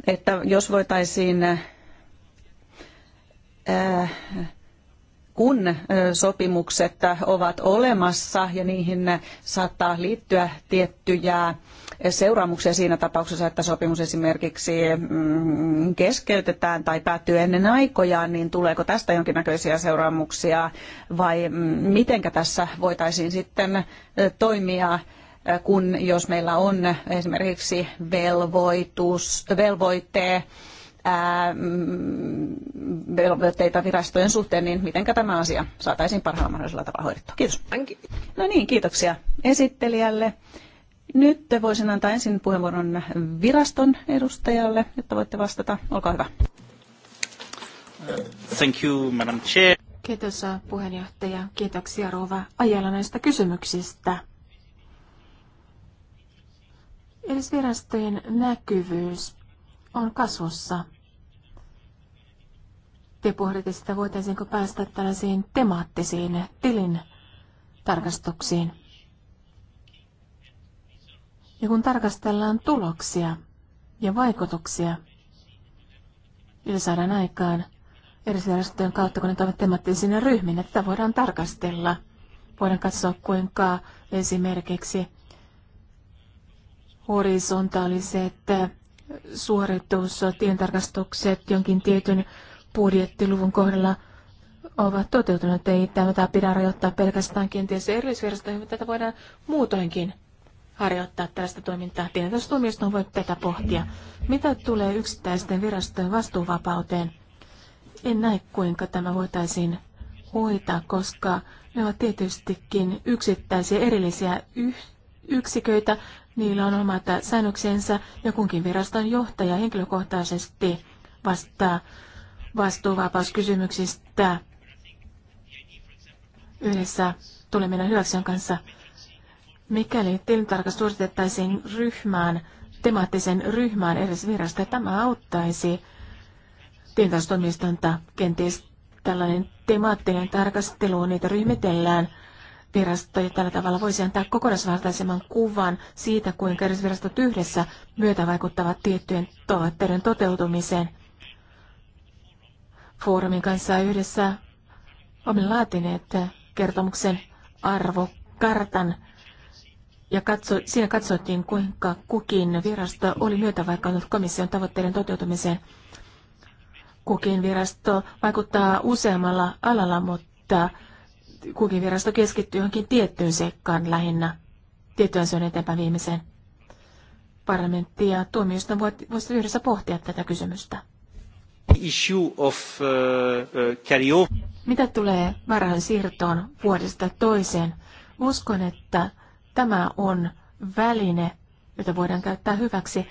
että jos voitaisiin äh, kun äh, sopimukset ovat olemassa ja niihin saattaa liittyä tiettyjä seuraamuksia siinä tapauksessa, että sopimus esimerkiksi mm, keskeytetään tai päättyy ennen aikojaan, niin tuleeko tästä jonkinnäköisiä seuraamuksia vai mm, miten tässä voitaisiin sitten toimia? kun jos meillä on esimerkiksi velvoitus, velvoitteet mm, velvoitteita virastojen suhteen, niin miten tämä asia saataisiin parhaalla mahdollisella tavalla hoidettua. Kiitos. No niin, kiitoksia esittelijälle. Nyt voisin antaa ensin puheenvuoron viraston edustajalle, jotta voitte vastata. Olkaa hyvä. Thank you, Madam Chair. Kiitos puheenjohtaja. Kiitoksia Rova Ajala näistä kysymyksistä. Edellisvirastojen näkyvyys on kasvussa. Te pohditte sitä, voitaisiinko päästä tällaisiin temaattisiin tilin tarkastuksiin. Ja kun tarkastellaan tuloksia ja vaikutuksia, joita saadaan aikaan eri järjestöjen kautta, kun ne toivat sinne ryhmiin, että voidaan tarkastella. Voidaan katsoa, kuinka esimerkiksi horisontaaliset suoritus, tientarkastukset jonkin tietyn budjettiluvun kohdalla ovat toteutuneet. Ei tämä pidä rajoittaa pelkästään kenties erillisvirastoihin, mutta tätä voidaan muutoinkin harjoittaa tällaista toimintaa. Tilintarkastustuomioistuin voi tätä pohtia. Mitä tulee yksittäisten virastojen vastuuvapauteen? En näe, kuinka tämä voitaisiin hoitaa, koska ne ovat tietystikin yksittäisiä erillisiä yh- yksiköitä. Niillä on omat säännöksensä ja kunkin viraston johtaja henkilökohtaisesti vastaa vastuuvapauskysymyksistä yhdessä tuleminen hyväksyn kanssa. Mikäli tilintarkastus suoritettaisiin ryhmään, temaattiseen ryhmään edes virasta, tämä auttaisi tilintarkastustoimistonta kenties tällainen temaattinen tarkastelu, niitä ryhmitellään ja tällä tavalla voisi antaa kokonaisvaltaisemman kuvan siitä, kuinka eri virastot yhdessä myötävaikuttavat tiettyjen tavoitteiden toteutumiseen. Foorumin kanssa yhdessä olemme laatineet kertomuksen arvokartan, ja katso, siinä katsottiin, kuinka kukin virasto oli myötä vaikuttanut komission tavoitteiden toteutumiseen. Kukin virasto vaikuttaa useammalla alalla, mutta kukin virasto keskittyy johonkin tiettyyn seikkaan lähinnä, tiettyyn syön eteenpäin viimeiseen. Parlamentti ja tuomioista voisivat yhdessä pohtia tätä kysymystä. Issue of, uh, uh, Mitä tulee varainsiirtoon vuodesta toiseen? Uskon, että Tämä on väline, jota voidaan käyttää hyväksi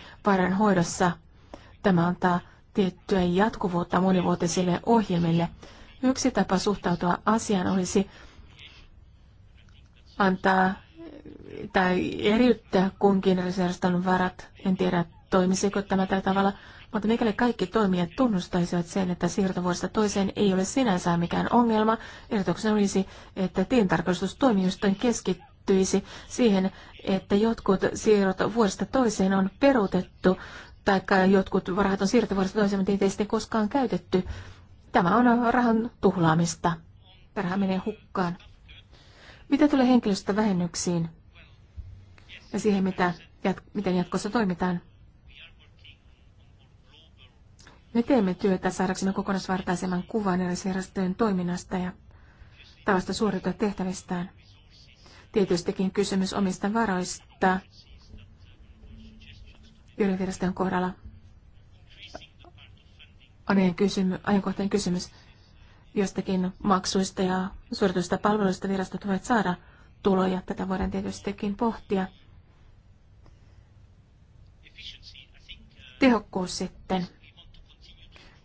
hoidossa. Tämä antaa tiettyä jatkuvuutta monivuotisille ohjelmille. Yksi tapa suhtautua asiaan olisi antaa tai eriyttää kunkin reserviston varat. En tiedä, toimisiko tämä tällä tavalla, mutta mikäli kaikki toimijat tunnustaisivat sen, että siirtovuodesta toiseen ei ole sinänsä mikään ongelma, erityksen olisi, että tilintarkastustoimijoistojen keskittyy liittyisi siihen, että jotkut siirrot vuodesta toiseen on peruutettu tai jotkut rahat on siirretty vuodesta toiseen, mutta niitä ei sitten koskaan käytetty. Tämä on rahan tuhlaamista. Raha menee hukkaan. Mitä tulee henkilöstä vähennyksiin ja siihen, mitä, jat, miten jatkossa toimitaan? Me teemme työtä saadaksemme kokonaisvartaisemman kuvan eri järjestöjen toiminnasta ja tavasta suoriutua tehtävistään tietystikin kysymys omista varoista yliviraston kohdalla on kysymy, ajankohtainen kysymys jostakin maksuista ja suorituista palveluista virastot voivat saada tuloja. Tätä voidaan tietystikin pohtia. Tehokkuus sitten.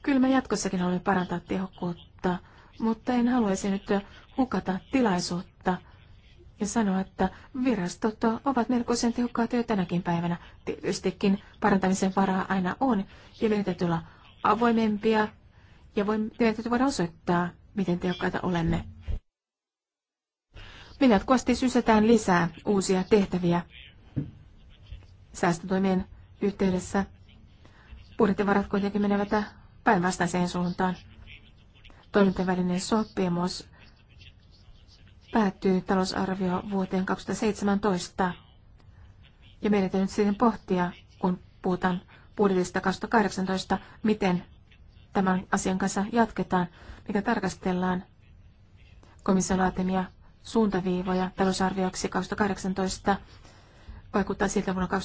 Kyllä me jatkossakin haluamme parantaa tehokkuutta, mutta en haluaisi nyt hukata tilaisuutta ja sanoa, että virastot ovat melkoisen tehokkaita jo tänäkin päivänä. Tietystikin parantamisen varaa aina on, ja meidän täytyy olla avoimempia, ja voimme, meidän täytyy voida osoittaa, miten tehokkaita olemme. Me jatkuvasti sysätään lisää uusia tehtäviä säästötoimien yhteydessä. Budjettivarat kuitenkin menevät päinvastaiseen suuntaan. Toimintavälinen sopimus päättyy talousarvio vuoteen 2017. Ja meidän täytyy nyt sitten pohtia, kun puhutaan budjetista 2018, miten tämän asian kanssa jatketaan, mikä tarkastellaan komission laatimia suuntaviivoja talousarvioksi 2018. Vaikuttaa siltä vuonna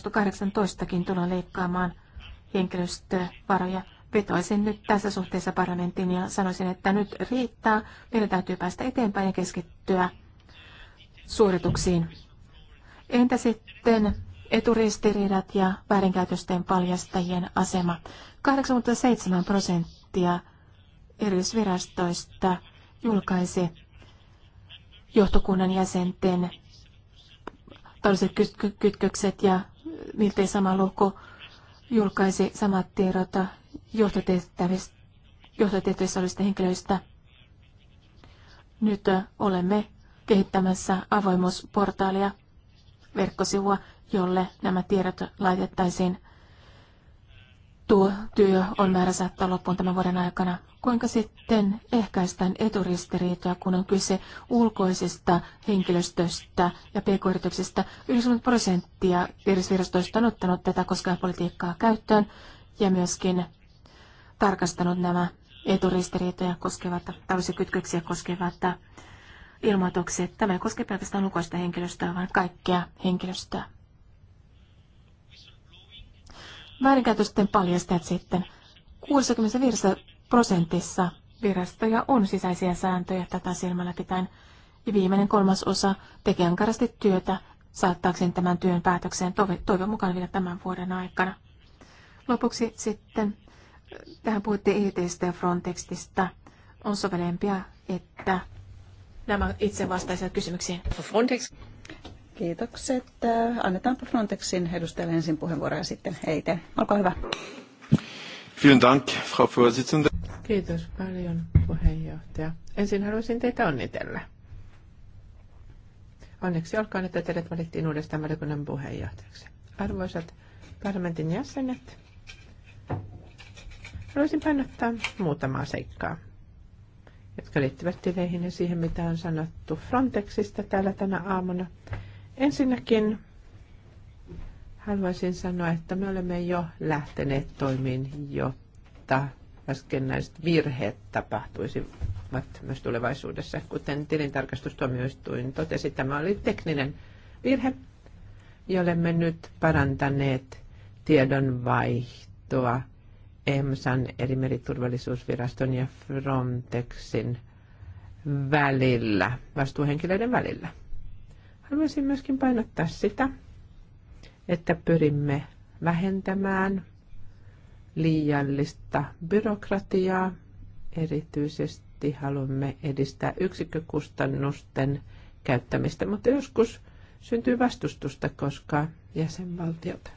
2018kin tullaan leikkaamaan henkilöstövaroja Vetoisin nyt tässä suhteessa parlamentin ja sanoisin, että nyt riittää. Meidän täytyy päästä eteenpäin ja keskittyä suorituksiin. Entä sitten eturistiriidat ja väärinkäytösten paljastajien asema? 87 prosenttia erillisvirastoista julkaisi johtokunnan jäsenten taloudelliset kytkökset ja miltei sama luku julkaisi samat tiedot johtotehtävissä, olevista henkilöistä. Nyt olemme kehittämässä avoimuusportaalia, verkkosivua, jolle nämä tiedot laitettaisiin. Tuo työ on määrä saattaa loppuun tämän vuoden aikana. Kuinka sitten ehkäistään eturistiriitoja, kun on kyse ulkoisesta henkilöstöstä ja pk-yrityksistä? 90 prosenttia erisvirastoista on ottanut tätä koskevaa politiikkaa käyttöön ja myöskin tarkastanut nämä eturistiriitoja koskevat, tällaisia kytköksiä koskevat ilmoitukset. Tämä ei koske pelkästään ulkoista henkilöstöä, vaan kaikkea henkilöstöä. Väärinkäytösten paljastajat sitten. 65 prosentissa virastoja on sisäisiä sääntöjä tätä silmällä pitäen. Ja viimeinen kolmas osa tekee ankarasti työtä saattaakseen tämän työn päätökseen toivon mukaan vielä tämän vuoden aikana. Lopuksi sitten tähän puhuttiin ITstä e ja Frontextista. On sovellempia, että nämä itse vastaisivat kysymyksiin. Frontex. Kiitokset. Annetaan Frontexin edustajalle ensin puheenvuoro ja sitten Eite. Olkaa hyvä. Vielen Dank, Frau Vorsitzende. Kiitos paljon, puheenjohtaja. Ensin haluaisin teitä onnitella. Onneksi olkaa, että teidät valittiin uudestaan valiokunnan puheenjohtajaksi. Arvoisat parlamentin jäsenet, Haluaisin painottaa muutamaa seikkaa, jotka liittyvät tileihin ja siihen, mitä on sanottu Frontexista täällä tänä aamuna. Ensinnäkin haluaisin sanoa, että me olemme jo lähteneet toimiin, jotta laskennaiset virheet tapahtuisivat myös tulevaisuudessa. Kuten tilintarkastustuomioistuin totesi, tämä oli tekninen virhe, jolle me nyt parantaneet tiedonvaihtoa EMSAn eli meriturvallisuusviraston ja Frontexin välillä, vastuuhenkilöiden välillä. Haluaisin myöskin painottaa sitä, että pyrimme vähentämään liiallista byrokratiaa. Erityisesti haluamme edistää yksikkökustannusten käyttämistä, mutta joskus syntyy vastustusta, koska jäsenvaltiot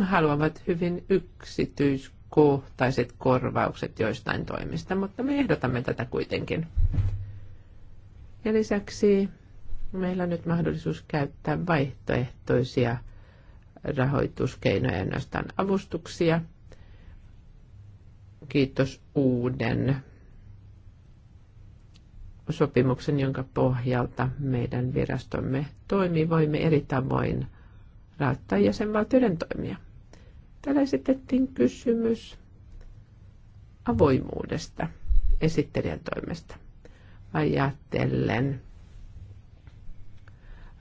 haluavat hyvin yksityiskustannusten kohtaiset korvaukset joistain toimista, mutta me ehdotamme tätä kuitenkin. Ja lisäksi meillä on nyt mahdollisuus käyttää vaihtoehtoisia rahoituskeinoja, ainoastaan avustuksia. Kiitos uuden sopimuksen, jonka pohjalta meidän virastomme toimii, voimme eri tavoin rahoittaa jäsenvaltioiden toimia. Täällä esitettiin kysymys avoimuudesta esittelijän toimesta ajatellen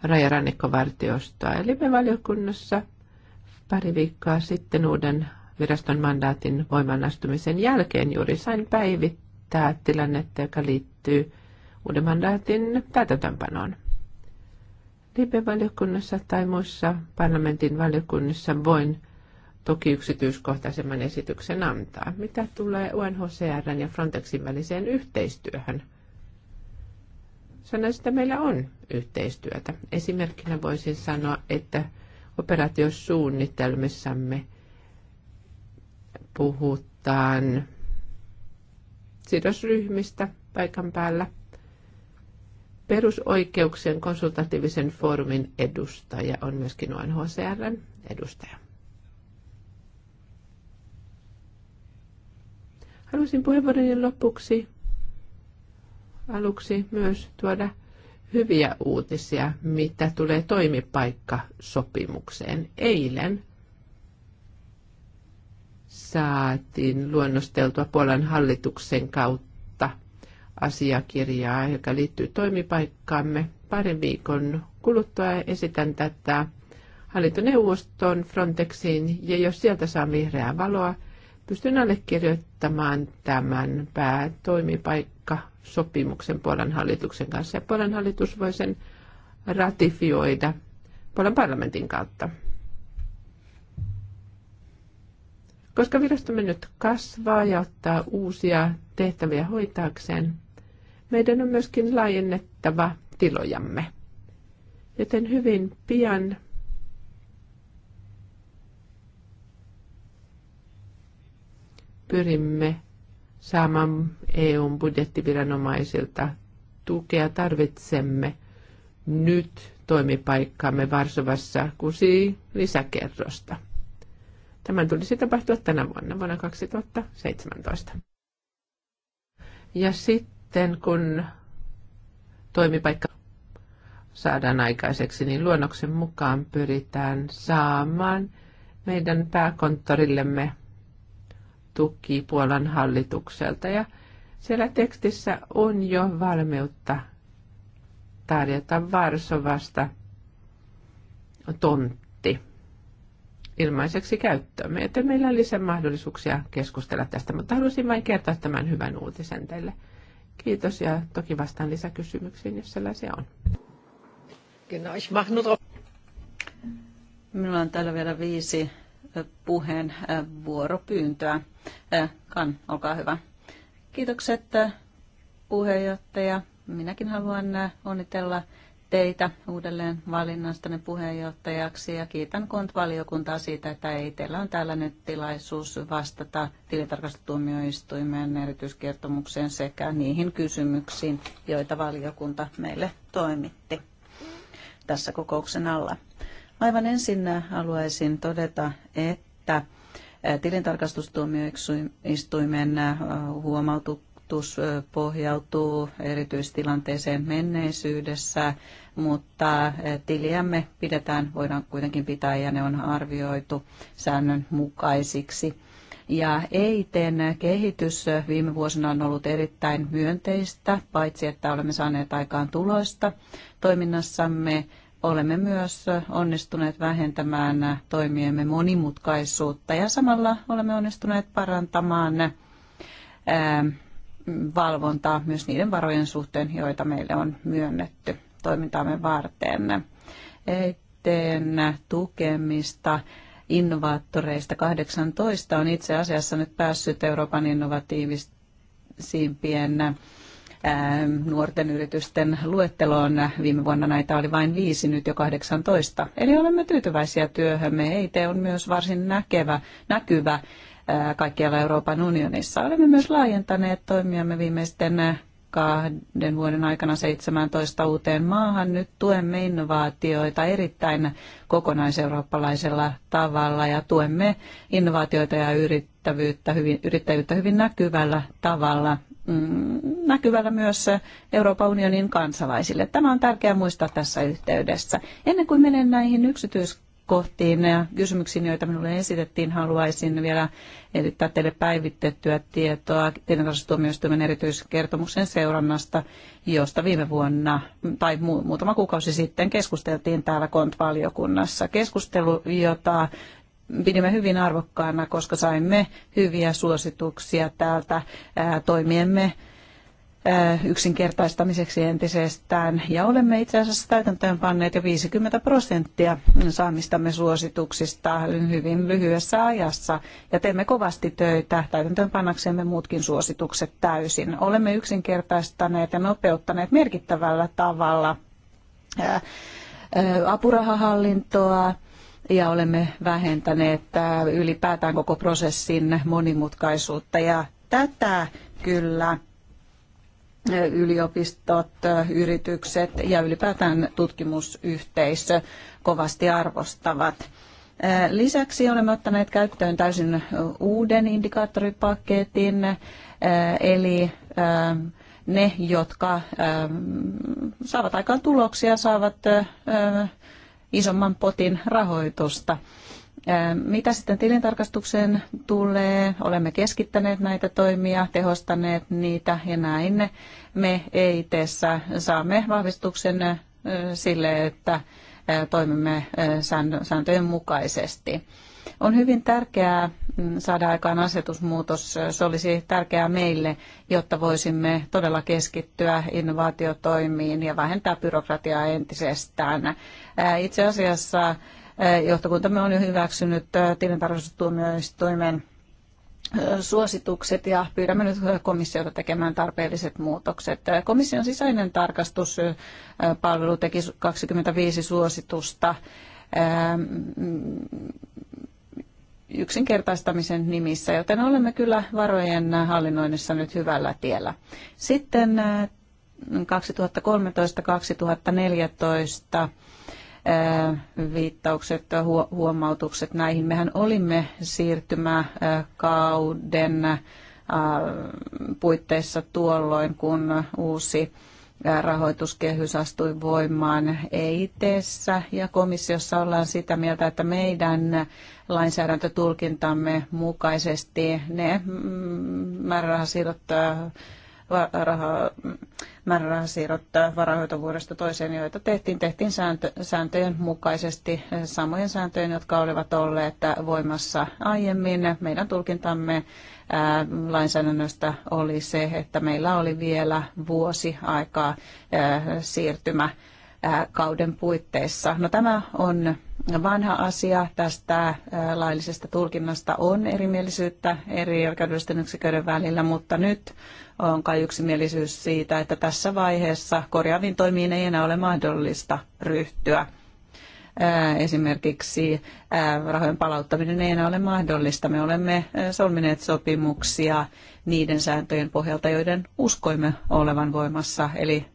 rajarannikkovartiostoa. Eli me valiokunnassa pari viikkoa sitten uuden viraston mandaatin voimanastumisen jälkeen juuri sain päivittää tilannetta, joka liittyy uuden mandaatin täytäntöönpanoon. Libe-valiokunnassa tai muissa parlamentin valiokunnissa voin toki yksityiskohtaisemman esityksen antaa. Mitä tulee UNHCRn ja Frontexin väliseen yhteistyöhön? Sanoisin, että meillä on yhteistyötä. Esimerkkinä voisin sanoa, että operaatiosuunnitelmissamme puhutaan sidosryhmistä paikan päällä. Perusoikeuksien konsultatiivisen foorumin edustaja on myöskin UNHCRn edustaja. Haluaisin puheenvuoroni lopuksi aluksi myös tuoda hyviä uutisia, mitä tulee toimipaikkasopimukseen. Eilen saatiin luonnosteltua Puolan hallituksen kautta asiakirjaa, joka liittyy toimipaikkaamme. Parin viikon kuluttua esitän tätä hallintoneuvoston Frontexiin, ja jos sieltä saa vihreää valoa, pystyn allekirjoittamaan ottamaan tämän päätoimipaikka sopimuksen Puolan hallituksen kanssa. Ja Puolan hallitus voi sen ratifioida Puolan parlamentin kautta. Koska virastomme nyt kasvaa ja ottaa uusia tehtäviä hoitaakseen, meidän on myöskin laajennettava tilojamme. Joten hyvin pian pyrimme saamaan EUn budjettiviranomaisilta tukea. Tarvitsemme nyt toimipaikkaamme Varsovassa kuusi lisäkerrosta. Tämän tulisi tapahtua tänä vuonna, vuonna 2017. Ja sitten kun toimipaikka saadaan aikaiseksi, niin luonnoksen mukaan pyritään saamaan meidän pääkonttorillemme tuki Puolan hallitukselta ja siellä tekstissä on jo valmiutta tarjota Varsovasta tontti ilmaiseksi käyttöön. joten meillä lisää mahdollisuuksia keskustella tästä, mutta halusin vain kertoa tämän hyvän uutisen teille. Kiitos ja toki vastaan lisäkysymyksiin, jos sellaisia on. Minulla on täällä vielä viisi puheenvuoropyyntöä. Kan, olkaa hyvä. Kiitokset puheenjohtaja. Minäkin haluan onnitella teitä uudelleen valinnastanne puheenjohtajaksi ja kiitän kontvaliokuntaa siitä, että ei teillä on täällä nyt tilaisuus vastata tilintarkastustuomioistuimen erityiskertomukseen sekä niihin kysymyksiin, joita valiokunta meille toimitti tässä kokouksen alla. Aivan ensin haluaisin todeta, että tilintarkastustuomioistuimen huomautus pohjautuu erityistilanteeseen menneisyydessä, mutta tiliämme pidetään, voidaan kuitenkin pitää ja ne on arvioitu säännönmukaisiksi. Ja EITen kehitys viime vuosina on ollut erittäin myönteistä, paitsi että olemme saaneet aikaan tuloista toiminnassamme, olemme myös onnistuneet vähentämään toimiemme monimutkaisuutta ja samalla olemme onnistuneet parantamaan valvontaa myös niiden varojen suhteen, joita meille on myönnetty toimintaamme varten. Eteen tukemista innovaattoreista 18 on itse asiassa nyt päässyt Euroopan innovatiivisimpien Ähm, nuorten yritysten luetteloon. Viime vuonna näitä oli vain viisi, nyt jo 18. Eli olemme tyytyväisiä työhömme. EIT on myös varsin näkevä, näkyvä äh, kaikkialla Euroopan unionissa. Olemme myös laajentaneet toimiamme viimeisten äh, kahden vuoden aikana 17 uuteen maahan. Nyt tuemme innovaatioita erittäin kokonaiseurooppalaisella tavalla ja tuemme innovaatioita ja yrittäjyyttä hyvin, yrittäjyyttä hyvin näkyvällä tavalla. Mm, näkyvällä myös Euroopan unionin kansalaisille. Tämä on tärkeää muistaa tässä yhteydessä. Ennen kuin menen näihin yksityiskohtiin ja kysymyksiin, joita minulle esitettiin, haluaisin vielä esittää teille päivitettyä tietoa tilintarkastustuomioistuimen erityiskertomuksen seurannasta, josta viime vuonna tai mu- muutama kuukausi sitten keskusteltiin täällä Kontvaliokunnassa Keskustelu, jota pidimme hyvin arvokkaana, koska saimme hyviä suosituksia täältä toimiemme yksinkertaistamiseksi entisestään. Ja olemme itse asiassa täytäntöön panneet jo 50 prosenttia saamistamme suosituksista hyvin lyhyessä ajassa. Ja teemme kovasti töitä täytäntöön pannaksemme muutkin suositukset täysin. Olemme yksinkertaistaneet ja nopeuttaneet merkittävällä tavalla apurahahallintoa, ja olemme vähentäneet äh, ylipäätään koko prosessin monimutkaisuutta ja tätä kyllä äh, yliopistot, äh, yritykset ja ylipäätään tutkimusyhteisö kovasti arvostavat. Lisäksi olemme ottaneet käyttöön täysin uuden indikaattoripaketin, eli ähm, ne, jotka ähm, saavat aikaan tuloksia, saavat isomman potin rahoitusta. Mitä sitten tilintarkastukseen tulee? Olemme keskittäneet näitä toimia, tehostaneet niitä ja näin. Me ei tässä saamme vahvistuksen sille, että toimimme sääntöjen mukaisesti. On hyvin tärkeää mm, saada aikaan asetusmuutos. Se olisi tärkeää meille, jotta voisimme todella keskittyä innovaatiotoimiin ja vähentää byrokratiaa entisestään. Itse asiassa johtokuntamme on jo hyväksynyt tilintarkastustuomioistuimen suositukset ja pyydämme nyt komissiota tekemään tarpeelliset muutokset. Komission sisäinen tarkastuspalvelu teki 25 suositusta yksinkertaistamisen nimissä, joten olemme kyllä varojen hallinnoinnissa nyt hyvällä tiellä. Sitten 2013-2014 viittaukset, huomautukset näihin. Mehän olimme siirtymäkauden puitteissa tuolloin, kun uusi rahoituskehys astui voimaan EITssä ja komissiossa ollaan sitä mieltä, että meidän lainsäädäntötulkintamme mukaisesti ne mm, määrärahasiirrot rahaa, määrärahasiirrot varahoitovuodesta toiseen, joita tehtiin, tehtiin sääntö, sääntöjen mukaisesti, samojen sääntöjen, jotka olivat olleet voimassa aiemmin. Meidän tulkintamme ää, lainsäädännöstä oli se, että meillä oli vielä vuosi aikaa ää, siirtymä kauden puitteissa. No tämä on vanha asia. Tästä laillisesta tulkinnasta on erimielisyyttä eri oikeudellisten yksiköiden välillä, mutta nyt on kai yksimielisyys siitä, että tässä vaiheessa korjaaviin toimiin ei enää ole mahdollista ryhtyä. Esimerkiksi rahojen palauttaminen ei enää ole mahdollista. Me olemme solmineet sopimuksia niiden sääntöjen pohjalta, joiden uskoimme olevan voimassa. Eli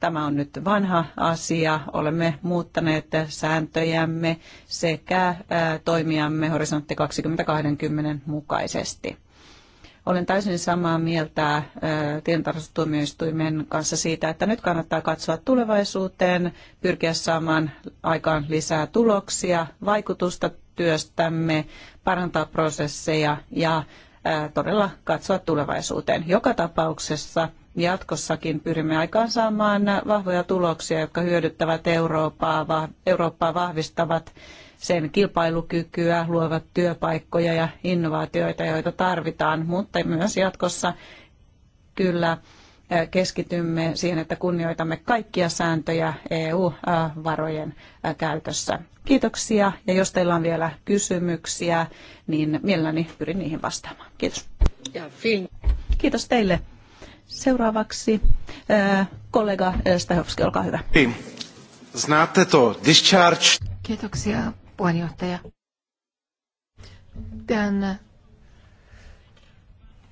tämä on nyt vanha asia. Olemme muuttaneet sääntöjämme sekä toimijamme horisontti 2020 mukaisesti. Olen täysin samaa mieltä äh, tilintarkastustuomioistuimen kanssa siitä, että nyt kannattaa katsoa tulevaisuuteen, pyrkiä saamaan aikaan lisää tuloksia, vaikutusta työstämme, parantaa prosesseja ja äh, todella katsoa tulevaisuuteen. Joka tapauksessa jatkossakin pyrimme aikaansaamaan vahvoja tuloksia, jotka hyödyttävät Eurooppaa, Eurooppaa vahvistavat sen kilpailukykyä, luovat työpaikkoja ja innovaatioita, joita tarvitaan, mutta myös jatkossa kyllä keskitymme siihen, että kunnioitamme kaikkia sääntöjä EU-varojen käytössä. Kiitoksia ja jos teillä on vielä kysymyksiä, niin mielelläni pyrin niihin vastaamaan. Kiitos. Kiitos teille. Seuraavaksi kollega Stahovski, olkaa hyvä. Znáte to, discharge. Kiitoksia puheenjohtaja. Tän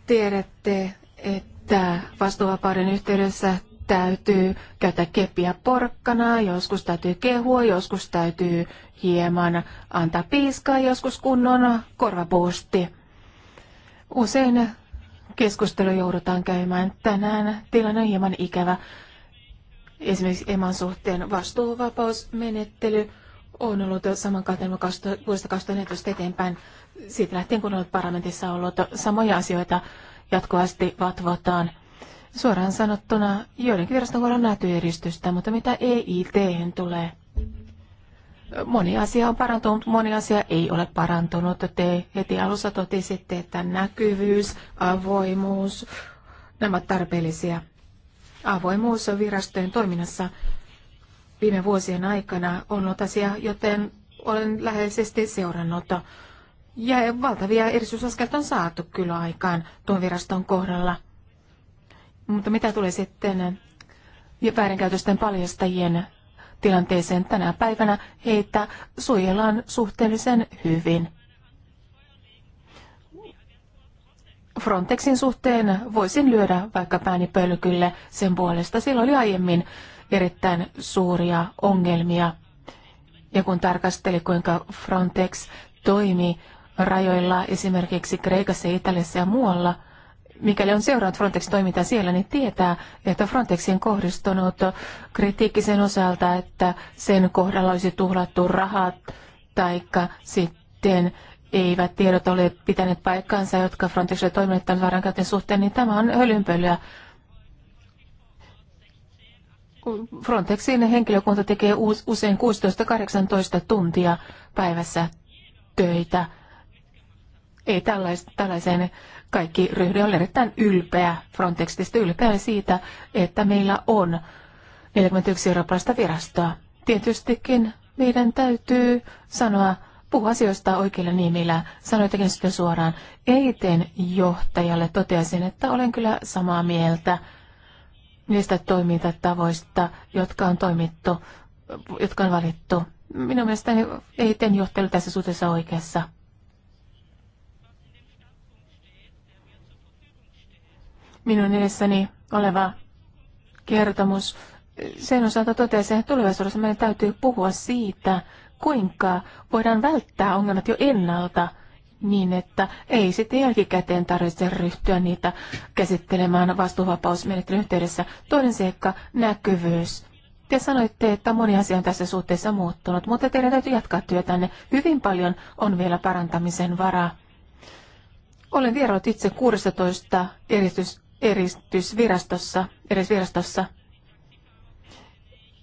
tiedätte, että vastuuvapauden yhteydessä täytyy käyttää keppiä porkkana, joskus täytyy kehua, joskus täytyy hieman antaa piiskaa, joskus kunnon korvapuusti. Usein keskustelu joudutaan käymään. Tänään tilanne on hieman ikävä. Esimerkiksi eman suhteen vastuuvapausmenettely on ollut saman kahden vuodesta 2014 eteenpäin. Siitä lähtien, kun olet parlamentissa ollut samoja asioita jatkuvasti vatvotaan. Suoraan sanottuna joidenkin viraston kohdalla nähty edistystä, mutta mitä EIT tulee? Moni asia on parantunut, moni asia ei ole parantunut. Te heti alussa totisitte, että näkyvyys, avoimuus, nämä ovat tarpeellisia. Avoimuus on virastojen toiminnassa viime vuosien aikana on ollut asia, joten olen läheisesti seurannut. Ja valtavia edistysaskelta on saatu kyllä aikaan tuon viraston kohdalla. Mutta mitä tulee sitten väärinkäytösten paljastajien tilanteeseen tänä päivänä, heitä suojellaan suhteellisen hyvin. Frontexin suhteen voisin lyödä vaikka pääni pölkylle sen puolesta. Silloin oli aiemmin erittäin suuria ongelmia. Ja kun tarkasteli, kuinka Frontex toimi rajoilla esimerkiksi Kreikassa, Italiassa ja muualla, mikäli on seurannut Frontex toimintaa siellä, niin tietää, että Frontexin kohdistunut kritiikki sen osalta, että sen kohdalla olisi tuhlattu rahat, taikka sitten eivät tiedot ole pitäneet paikkaansa, jotka Frontexille toimittanut varankäytön suhteen, niin tämä on hölynpölyä. Frontexin henkilökunta tekee usein 16-18 tuntia päivässä töitä. Ei tällaiseen kaikki ryhdy. Olen erittäin ylpeä Frontexista, ylpeä siitä, että meillä on 41 eurooppalaista virastoa. Tietystikin meidän täytyy sanoa, puhua asioista oikeilla nimillä. Sanoin jotenkin sitten suoraan, eiten johtajalle toteaisin, että olen kyllä samaa mieltä niistä toimintatavoista, jotka on toimittu, jotka on valittu. Minun mielestäni ei ten johtelu tässä suhteessa oikeassa. Minun edessäni oleva kertomus sen osalta totesi, että tulevaisuudessa meidän täytyy puhua siitä, kuinka voidaan välttää ongelmat jo ennalta – niin, että ei sitten jälkikäteen tarvitse ryhtyä niitä käsittelemään vastuuvapausmenettelyn yhteydessä. Toinen seikka, näkyvyys. Te sanoitte, että moni asia on tässä suhteessa muuttunut, mutta teidän täytyy jatkaa työtänne. Hyvin paljon on vielä parantamisen varaa. Olen vieraillut itse 16 eristys, eristysvirastossa, eristysvirastossa.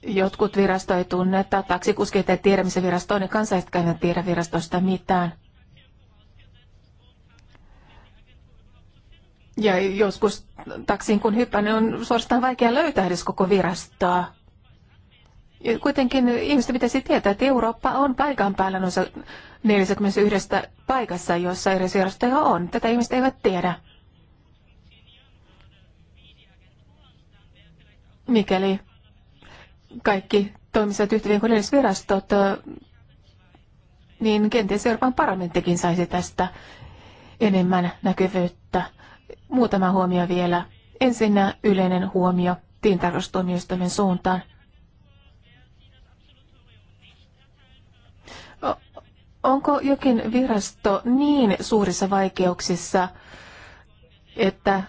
Jotkut virastoja ei tunne, tai ei tiedä, missä virasto on, niin kansalaiset tiedä virastosta mitään. Ja joskus taksiin kun hyppään, niin on suorastaan vaikea löytää edes koko virastoa. Kuitenkin ihmiset pitäisi tietää, että Eurooppa on paikan päällä noissa 41 paikassa, jossa eri virastoja on. Tätä ihmiset eivät tiedä. Mikäli kaikki toimisivat yhtä kuin virastot, niin kenties Euroopan parlamenttikin saisi tästä enemmän näkyvyyttä. Muutama huomio vielä. Ensinnä yleinen huomio tiintarkastustuomioistuimen suuntaan. Onko jokin virasto niin suurissa vaikeuksissa, että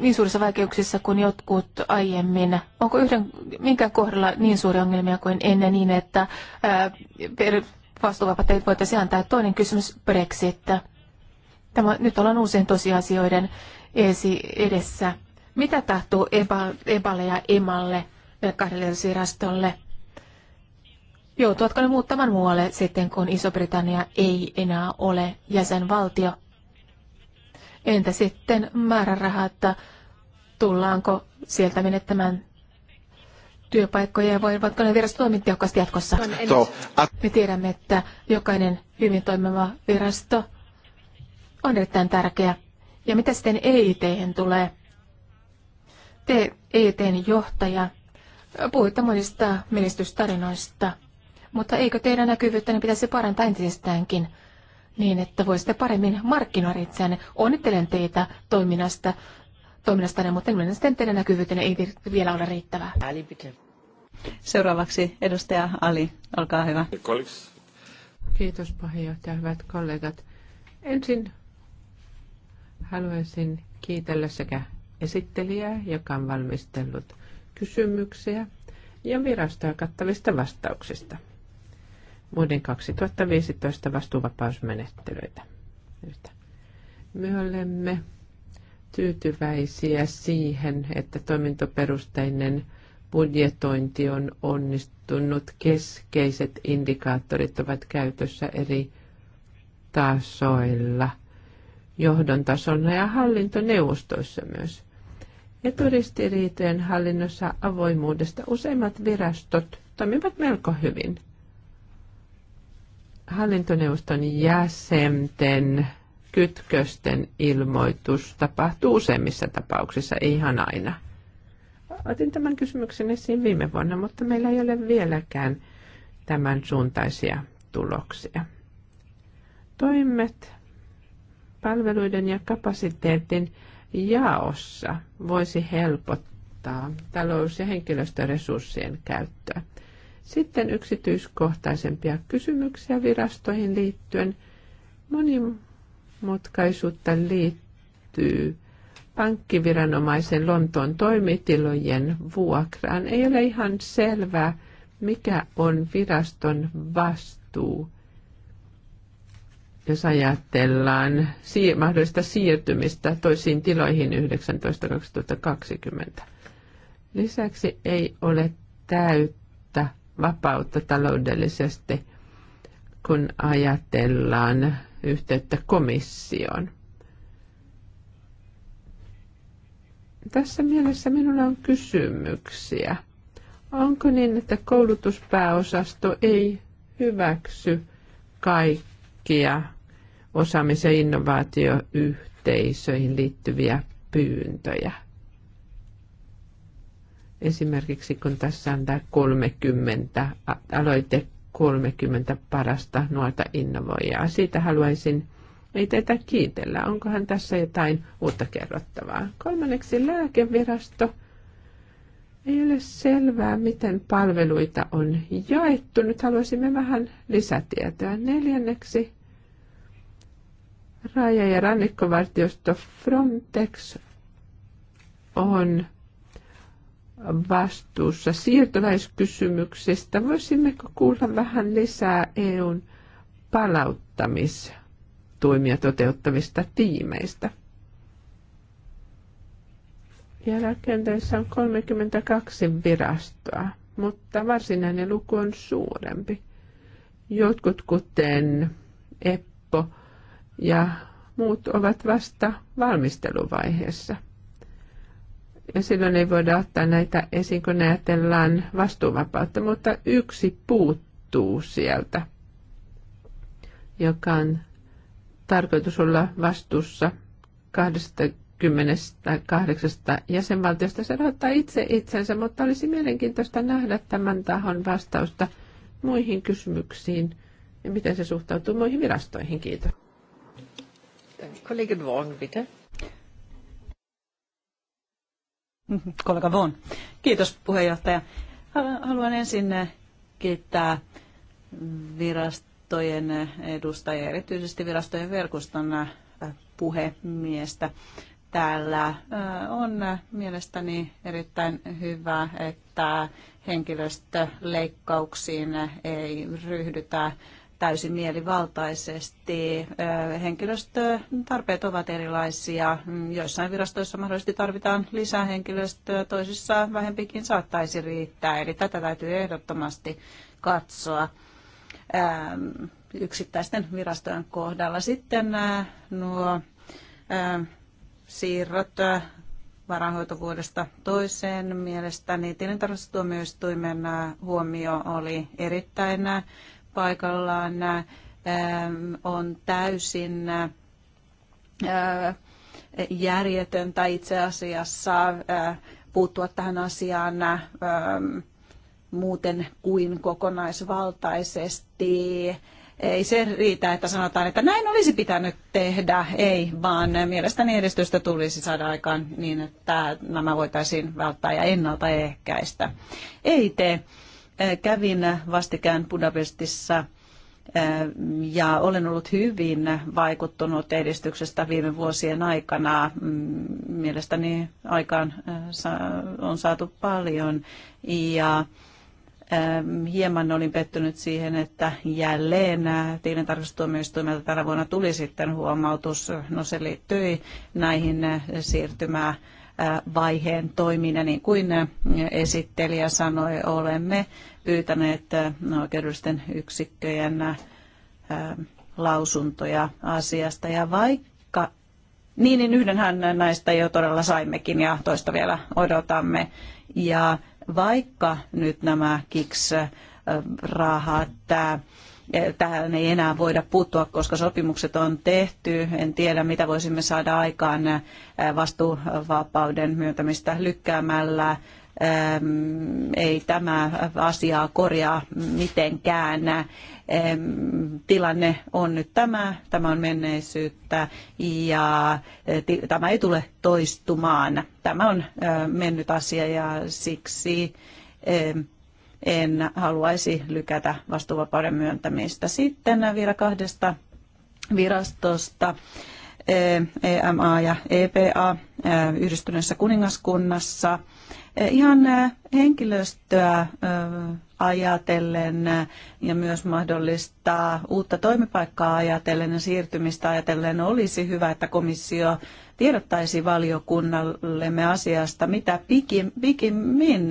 niin suurissa vaikeuksissa kuin jotkut aiemmin? Onko yhden, minkä kohdalla niin suuria ongelmia kuin ennen niin, että ää, ei voitaisiin antaa? Toinen kysymys Brexit. Tämä, nyt ollaan uusien tosiasioiden esi edessä. Mitä tahtuu EBA, EBAlle ja EMAlle, kahdelle virastolle? Joutuvatko ne muuttamaan muualle sitten, kun Iso-Britannia ei enää ole jäsenvaltio? Entä sitten määrärahat, tullaanko sieltä menettämään työpaikkoja ja voivatko ne virasto toimia tehokkaasti jatkossa? Me tiedämme, että jokainen hyvin toimiva virasto on erittäin tärkeä. Ja mitä sitten EIT tulee? Te EITn johtaja puhuitte monista menestystarinoista, mutta eikö teidän näkyvyyttäne pitäisi parantaa entisestäänkin? niin, että voisitte paremmin markkinoida itseänne. Onnittelen teitä toiminnasta, toiminnastanne, mutta mielestäni teidän näkyvyytenne ei vielä ole riittävää. Seuraavaksi edustaja Ali, olkaa hyvä. Kiitos puheenjohtaja, hyvät kollegat. Ensin Haluaisin kiitellä sekä esittelijää, joka on valmistellut kysymyksiä, ja virastoja kattavista vastauksista. Vuoden 2015 vastuuvapausmenettelyitä. Me olemme tyytyväisiä siihen, että toimintoperusteinen budjetointi on onnistunut. Keskeiset indikaattorit ovat käytössä eri tasoilla – johdon tasolla ja hallintoneuvostoissa myös. Eturistiriitojen hallinnossa avoimuudesta useimmat virastot toimivat melko hyvin. Hallintoneuvoston jäsenten kytkösten ilmoitus tapahtuu useimmissa tapauksissa, ihan aina. Otin tämän kysymyksen esiin viime vuonna, mutta meillä ei ole vieläkään tämän suuntaisia tuloksia. Toimet palveluiden ja kapasiteetin jaossa voisi helpottaa talous- ja henkilöstöresurssien käyttöä. Sitten yksityiskohtaisempia kysymyksiä virastoihin liittyen. Monimutkaisuutta liittyy pankkiviranomaisen Lontoon toimitilojen vuokraan. Ei ole ihan selvää, mikä on viraston vastuu – jos ajatellaan mahdollista siirtymistä toisiin tiloihin 19.2020. Lisäksi ei ole täyttä vapautta taloudellisesti, kun ajatellaan yhteyttä komissioon. Tässä mielessä minulla on kysymyksiä. Onko niin, että koulutuspääosasto ei hyväksy kaikkia osaamis- ja innovaatioyhteisöihin liittyviä pyyntöjä. Esimerkiksi kun tässä on tämä 30, aloite 30 parasta nuorta innovoijaa. Siitä haluaisin ei teitä kiitellä. Onkohan tässä jotain uutta kerrottavaa? Kolmanneksi lääkevirasto. Ei ole selvää, miten palveluita on jaettu. Nyt haluaisimme vähän lisätietoa. Neljänneksi Raja- ja rannikkovartiosto Frontex on vastuussa siirtolaiskysymyksistä. Voisimmeko kuulla vähän lisää EUn palauttamistoimia toteuttavista tiimeistä? Ja rakenteessa on 32 virastoa, mutta varsinainen luku on suurempi. Jotkut kuten EPPO, ja muut ovat vasta valmisteluvaiheessa. Ja silloin ei voida ottaa näitä esiin, kun ajatellaan vastuuvapautta, mutta yksi puuttuu sieltä, joka on tarkoitus olla vastuussa 28 jäsenvaltiosta. Se ottaa itse itsensä, mutta olisi mielenkiintoista nähdä tämän tahon vastausta muihin kysymyksiin ja miten se suhtautuu muihin virastoihin. Kiitos. Kollegin Vaughan, bitte. Mhm, kollega Vaughan. Kiitos puheenjohtaja. Haluan ensin eh, kiittää virastojen eh, edustajia, erityisesti virastojen verkoston eh, puhemiestä täällä. On mielestäni erittäin hyvä, että henkilöstöleikkauksiin ei ryhdytä täysimielivaltaisesti. Henkilöstön tarpeet ovat erilaisia. Joissain virastoissa mahdollisesti tarvitaan lisää henkilöstöä, toisissa vähempikin saattaisi riittää. Eli tätä täytyy ehdottomasti katsoa yksittäisten virastojen kohdalla. Sitten nuo siirrot varainhoitovuodesta toiseen mielestäni tilintarkastustuomioistuimen huomio oli erittäin paikallaan on täysin tai itse asiassa puuttua tähän asiaan muuten kuin kokonaisvaltaisesti. Ei se riitä, että sanotaan, että näin olisi pitänyt tehdä, ei, vaan mielestäni edistystä tulisi saada aikaan niin, että nämä voitaisiin välttää ja ennaltaehkäistä. Ei tee kävin vastikään Budapestissa ja olen ollut hyvin vaikuttunut edistyksestä viime vuosien aikana. Mm, mielestäni aikaan on saatu paljon ja hieman olin pettynyt siihen, että jälleen tilintarkastustuomioistuimelta tänä vuonna tuli sitten huomautus. No se liittyi näihin siirtymään vaiheen toiminnan, Niin kuin esittelijä sanoi, olemme pyytäneet oikeudellisten yksikköjen lausuntoja asiasta. Ja vaikka niin, niin yhdenhän näistä jo todella saimmekin ja toista vielä odotamme. Ja vaikka nyt nämä KIKS-rahat Tähän ei enää voida puuttua, koska sopimukset on tehty. En tiedä, mitä voisimme saada aikaan vastuuvapauden myöntämistä lykkäämällä ei tämä asiaa korjaa mitenkään. Tilanne on nyt tämä, tämä on menneisyyttä ja tämä ei tule toistumaan. Tämä on mennyt asia ja siksi en haluaisi lykätä vastuuvapauden myöntämistä. Sitten vielä kahdesta virastosta. EMA e ja EPA e, yhdistyneessä kuningaskunnassa. E, ihan henkilöstöä ajatellen ja myös mahdollista uutta toimipaikkaa ajatellen ja siirtymistä ajatellen olisi hyvä, että komissio tiedottaisi valiokunnallemme asiasta mitä pikin, pikimmin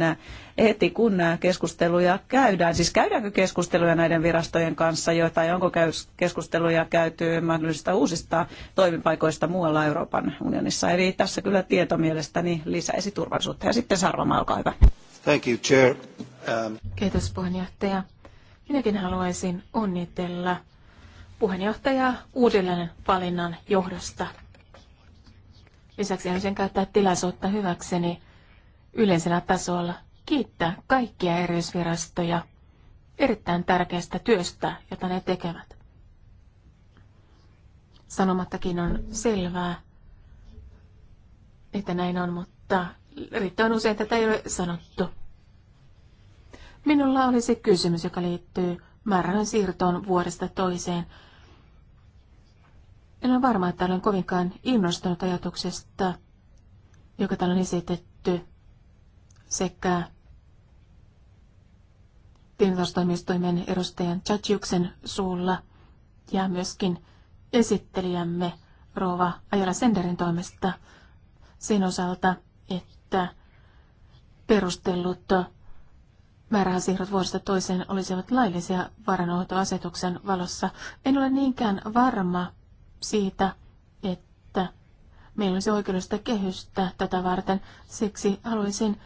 heti kun keskusteluja käydään. Siis käydäänkö keskusteluja näiden virastojen kanssa jo, tai onko keskusteluja käyty mahdollisista uusista toimipaikoista muualla Euroopan unionissa? Eli tässä kyllä tieto mielestäni lisäisi turvallisuutta. Ja sitten Sarvama, olkaa hyvä. Thank you, Chair. Um... Kiitos puheenjohtaja. Minäkin haluaisin onnitella puheenjohtajaa uudelleen valinnan johdosta. Lisäksi haluaisin käyttää tilaisuutta hyväkseni yleisellä tasolla kiittää kaikkia erillisvirastoja erittäin tärkeästä työstä, jota ne tekevät. Sanomattakin on selvää, että näin on, mutta riittävän usein tätä ei ole sanottu. Minulla olisi kysymys, joka liittyy määrän siirtoon vuodesta toiseen – en ole varma, että olen kovinkaan innostunut ajatuksesta, joka täällä on esitetty, sekä tilintarkastustoimistoimen edustajan Chachiuksen suulla ja myöskin esittelijämme Rova Ajala Senderin toimesta sen osalta, että perustellut määrärahasiirrot vuodesta toiseen olisivat laillisia varanohtoasetuksen valossa. En ole niinkään varma, siitä, että meillä olisi oikeudesta kehystä tätä varten. Siksi haluaisin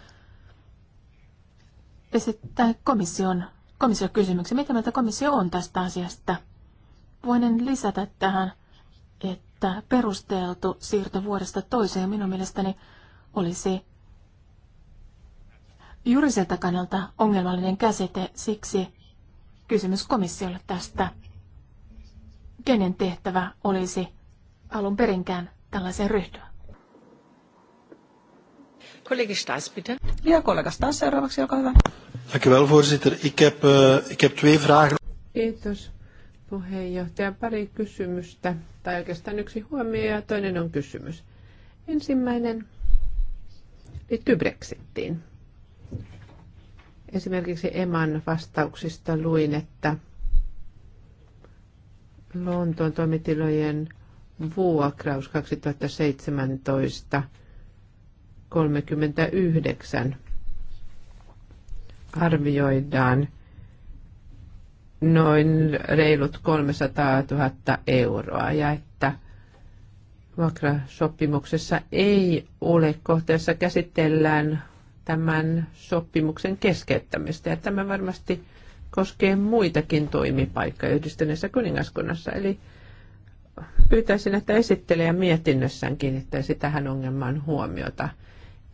esittää komission, komission kysymyksen. Mitä mieltä komissio on tästä asiasta? Voinen lisätä tähän, että perusteltu siirto vuodesta toiseen minun mielestäni olisi juriselta kannalta ongelmallinen käsite, siksi kysymys komissiolle tästä kenen tehtävä olisi alun perinkään tällaiseen ryhtyä. Collega Stas, bitte. Ja kollega Stas, seuraavaksi, olkaa hyvä. Dank u wel, voorzitter. Ik heb, uh, ik heb twee vragen. Kiitos, puheenjohtaja. Pari kysymystä, tai oikeastaan yksi huomio ja toinen on kysymys. Ensimmäinen liittyy Brexittiin. Esimerkiksi Eman vastauksista luin, että Lontoon toimitilojen vuokraus 2017 39 arvioidaan noin reilut 300 000 euroa ja että vuokrasopimuksessa ei ole kohteessa käsitellään tämän sopimuksen keskeyttämistä. Ja tämä varmasti koskee muitakin toimipaikkoja yhdistyneessä kuningaskunnassa. Eli pyytäisin, että esittelijä mietinnössään kiinnittäisi tähän ongelmaan huomiota.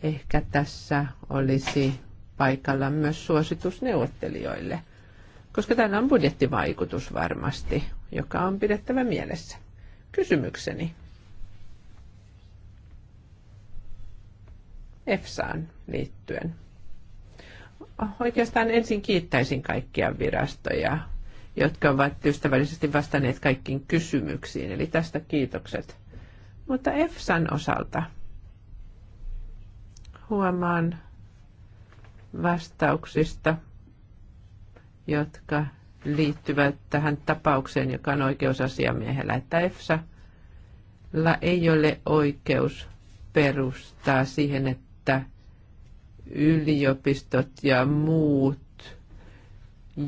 Ehkä tässä olisi paikalla myös suositus neuvottelijoille, koska täällä on budjettivaikutus varmasti, joka on pidettävä mielessä. Kysymykseni. EFSAan liittyen oikeastaan ensin kiittäisin kaikkia virastoja, jotka ovat ystävällisesti vastanneet kaikkiin kysymyksiin, eli tästä kiitokset. Mutta EFSAn osalta huomaan vastauksista, jotka liittyvät tähän tapaukseen, joka on oikeusasiamiehellä, että EFSAlla ei ole oikeus perustaa siihen, että yliopistot ja muut,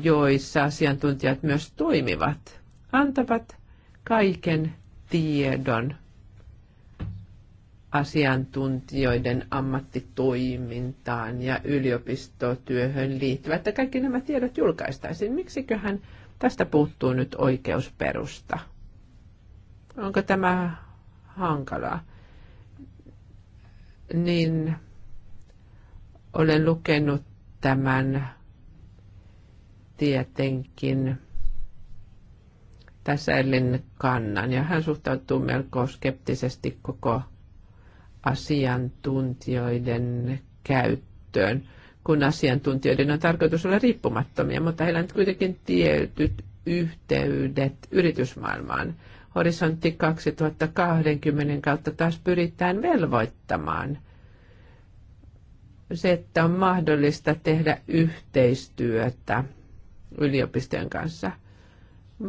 joissa asiantuntijat myös toimivat, antavat kaiken tiedon asiantuntijoiden ammattitoimintaan ja yliopistotyöhön liittyvät, että kaikki nämä tiedot julkaistaisiin. Miksiköhän tästä puuttuu nyt oikeusperusta? Onko tämä hankalaa? Niin olen lukenut tämän tietenkin tässä Ellen kannan ja hän suhtautuu melko skeptisesti koko asiantuntijoiden käyttöön, kun asiantuntijoiden on tarkoitus olla riippumattomia, mutta heillä on kuitenkin tietyt yhteydet yritysmaailmaan. Horisontti 2020 kautta taas pyritään velvoittamaan se, että on mahdollista tehdä yhteistyötä yliopistojen kanssa.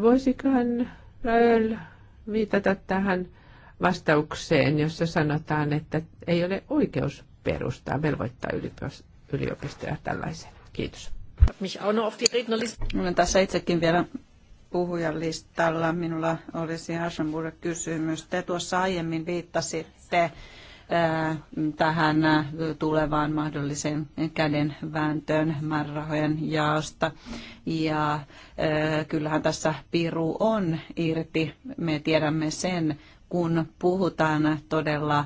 Voisikohan Rael viitata tähän vastaukseen, jossa sanotaan, että ei ole oikeus perustaa, velvoittaa yliopistoja tällaiseen. Kiitos. Olen tässä itsekin vielä puhujan listalla. Minulla olisi Hasenburg kysymys. Te tuossa aiemmin viittasitte tähän tulevaan mahdolliseen kädenvääntöön määrärahojen jaosta. Ja kyllähän tässä piru on irti, me tiedämme sen, kun puhutaan todella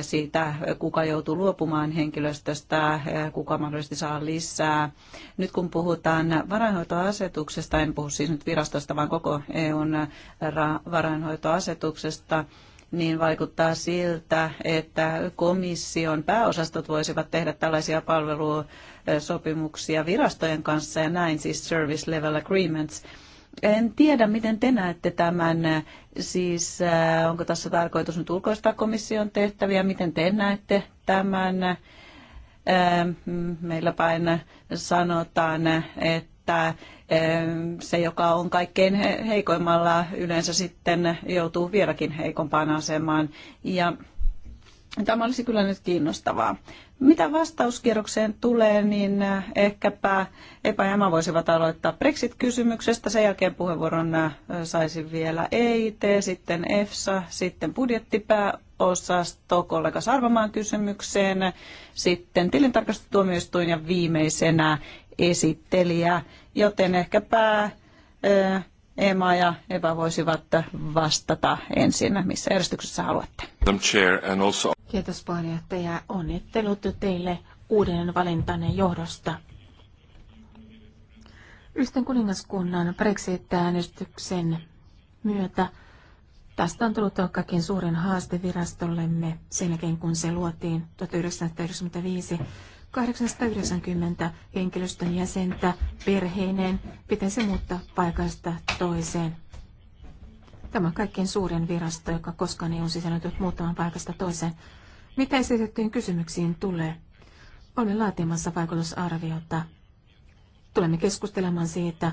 siitä, kuka joutuu luopumaan henkilöstöstä, kuka mahdollisesti saa lisää. Nyt kun puhutaan varainhoitoasetuksesta, en puhu siis nyt virastosta, vaan koko EUn varainhoitoasetuksesta, niin vaikuttaa siltä, että komission pääosastot voisivat tehdä tällaisia palvelusopimuksia virastojen kanssa ja näin siis service level agreements. En tiedä, miten te näette tämän. Siis äh, onko tässä tarkoitus nyt ulkoistaa komission tehtäviä? Miten te näette tämän? Äh, meillä päin sanotaan, että että se, joka on kaikkein heikoimmalla, yleensä sitten joutuu vieläkin heikompaan asemaan. Ja tämä olisi kyllä nyt kiinnostavaa. Mitä vastauskierrokseen tulee, niin eh, ehkäpä Epä ja Emma voisivat aloittaa Brexit-kysymyksestä. Sen jälkeen puheenvuoron eh, saisi vielä EIT, sitten EFSA, sitten budjettipääosasto, kollega Sarvamaan kysymykseen, sitten tilintarkastustuomioistuin ja viimeisenä esittelijä, joten ehkäpä Emma ja Eva voisivat vastata ensin, missä järjestyksessä haluatte. Kiitos puheenjohtaja. Onnittelut teille uuden valintanne johdosta. Ysten kuningaskunnan Brexit-äänestyksen myötä tästä on tullut kaikkein suurin haaste virastollemme sen jälkeen, kun se luotiin 1995. 890 henkilöstön jäsentä perheineen pitäisi muuttaa paikasta toiseen. Tämä on kaikkein suurin virasto, joka koskaan ei ole sisällytynyt muuttamaan paikasta toiseen. Mitä esitettyihin kysymyksiin tulee? Olemme laatimassa vaikutusarviota. Tulemme keskustelemaan siitä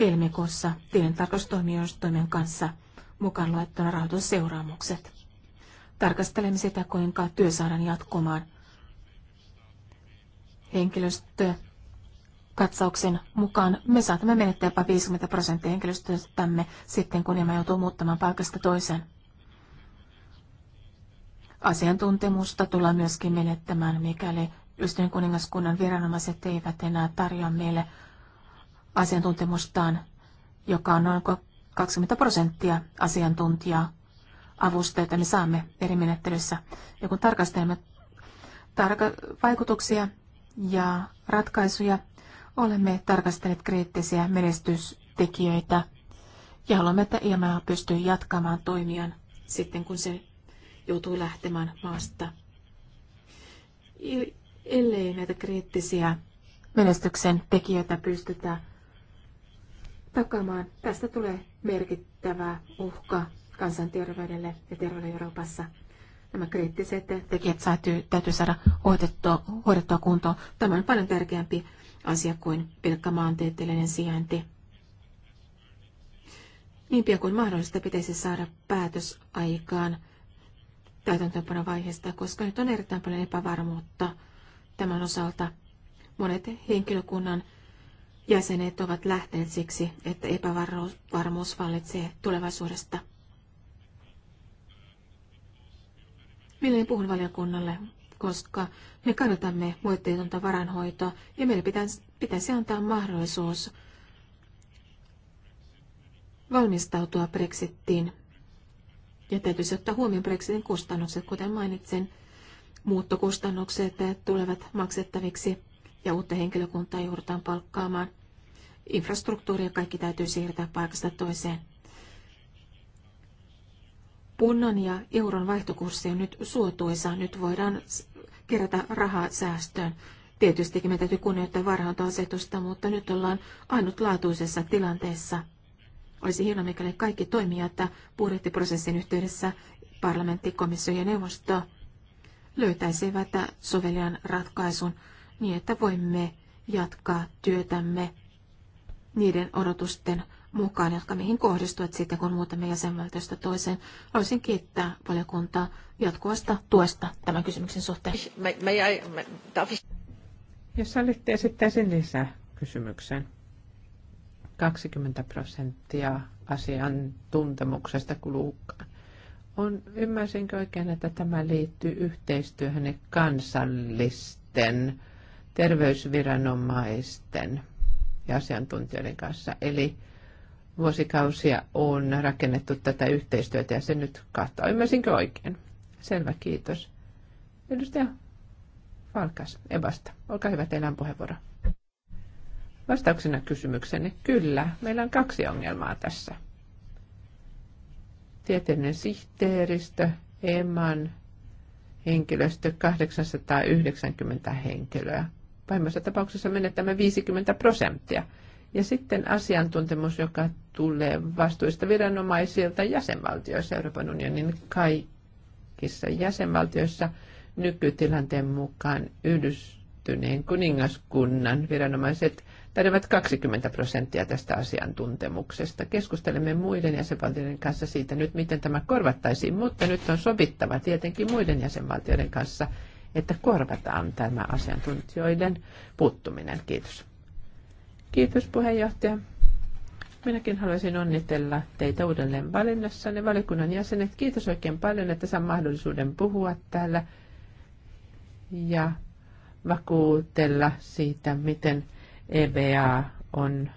helmikuussa tilintarkastustoimijoistoimen kanssa mukaan luettuna rahoitusseuraamukset. Tarkastelemme sitä, kuinka työ saadaan jatkumaan – henkilöstökatsauksen mukaan me saatamme menettää jopa 50 prosenttia henkilöstöstämme sitten, kun ilma joutuu muuttamaan paikasta toiseen. Asiantuntemusta tullaan myöskin menettämään, mikäli Yhdistyneen kuningaskunnan viranomaiset eivät enää tarjoa meille asiantuntemustaan, joka on noin 20 prosenttia asiantuntijaa avusteita me saamme eri menettelyssä. Ja kun tarkastelemme tarka- vaikutuksia ja ratkaisuja. Olemme tarkastelleet kriittisiä menestystekijöitä ja haluamme, että IMA pystyy jatkamaan toimiaan sitten, kun se joutuu lähtemään maasta. Ellei näitä kriittisiä menestyksen tekijöitä pystytä takamaan, tästä tulee merkittävä uhka kansanterveydelle ja terveydelle Euroopassa nämä kriittiset tekijät täytyy, täytyy saada hoidettua, hoidettua kuntoon. Tämä on paljon tärkeämpi asia kuin pelkkä maantieteellinen sijainti. Niin pian kuin mahdollista pitäisi saada päätös aikaan täytäntöönpanovaiheesta, koska nyt on erittäin paljon epävarmuutta tämän osalta. Monet henkilökunnan jäsenet ovat lähteneet siksi, että epävarmuus vallitsee tulevaisuudesta. Mielelläni puhun valiokunnalle, koska me kannatamme moitteetonta varanhoitoa ja meillä pitäisi, pitäisi antaa mahdollisuus valmistautua Brexittiin. Ja täytyisi ottaa huomioon Brexitin kustannukset, kuten mainitsin. Muuttokustannukset tulevat maksettaviksi ja uutta henkilökuntaa joudutaan palkkaamaan. Infrastruktuuri ja kaikki täytyy siirtää paikasta toiseen. Punnan ja euron vaihtokurssi on nyt suotuisa. Nyt voidaan kerätä rahaa säästöön. Tietystikin me täytyy kunnioittaa varhaantoasetusta, mutta nyt ollaan ainutlaatuisessa tilanteessa. Olisi hienoa, mikäli kaikki toimijat budjettiprosessin yhteydessä parlamentti, komissio ja neuvosto löytäisivät sovelian ratkaisun niin, että voimme jatkaa työtämme niiden odotusten mukaan, jotka mihin kohdistuvat sitten, kun muutamme jäsenvaltiosta toiseen. Haluaisin kiittää valiokuntaa jatkuvasta tuesta tämän kysymyksen suhteen. Jos sallitte, esittäisin lisää kysymyksen. 20 prosenttia asiantuntemuksesta kuluu. On, ymmärsinkö oikein, että tämä liittyy yhteistyöhön kansallisten terveysviranomaisten ja asiantuntijoiden kanssa. Eli vuosikausia on rakennettu tätä yhteistyötä ja se nyt kattaa. Ymmärsinkö oikein? Selvä, kiitos. Edustaja Valkas Ebasta, olkaa hyvä, teillä on puheenvuoro. Vastauksena kysymykseni, kyllä, meillä on kaksi ongelmaa tässä. Tieteellinen sihteeristö, EMAN henkilöstö 890 henkilöä. Pahimmassa tapauksessa menettämme 50 prosenttia – ja sitten asiantuntemus, joka tulee vastuista viranomaisilta jäsenvaltioissa, Euroopan unionin kaikissa jäsenvaltioissa nykytilanteen mukaan yhdistyneen kuningaskunnan viranomaiset tarjoavat 20 prosenttia tästä asiantuntemuksesta. Keskustelemme muiden jäsenvaltioiden kanssa siitä nyt, miten tämä korvattaisiin, mutta nyt on sovittava tietenkin muiden jäsenvaltioiden kanssa, että korvataan tämä asiantuntijoiden puuttuminen. Kiitos. Kiitos puheenjohtaja. Minäkin haluaisin onnitella teitä uudelleen valinnassanne valiokunnan jäsenet. Kiitos oikein paljon, että saan mahdollisuuden puhua täällä ja vakuutella siitä, miten EBA on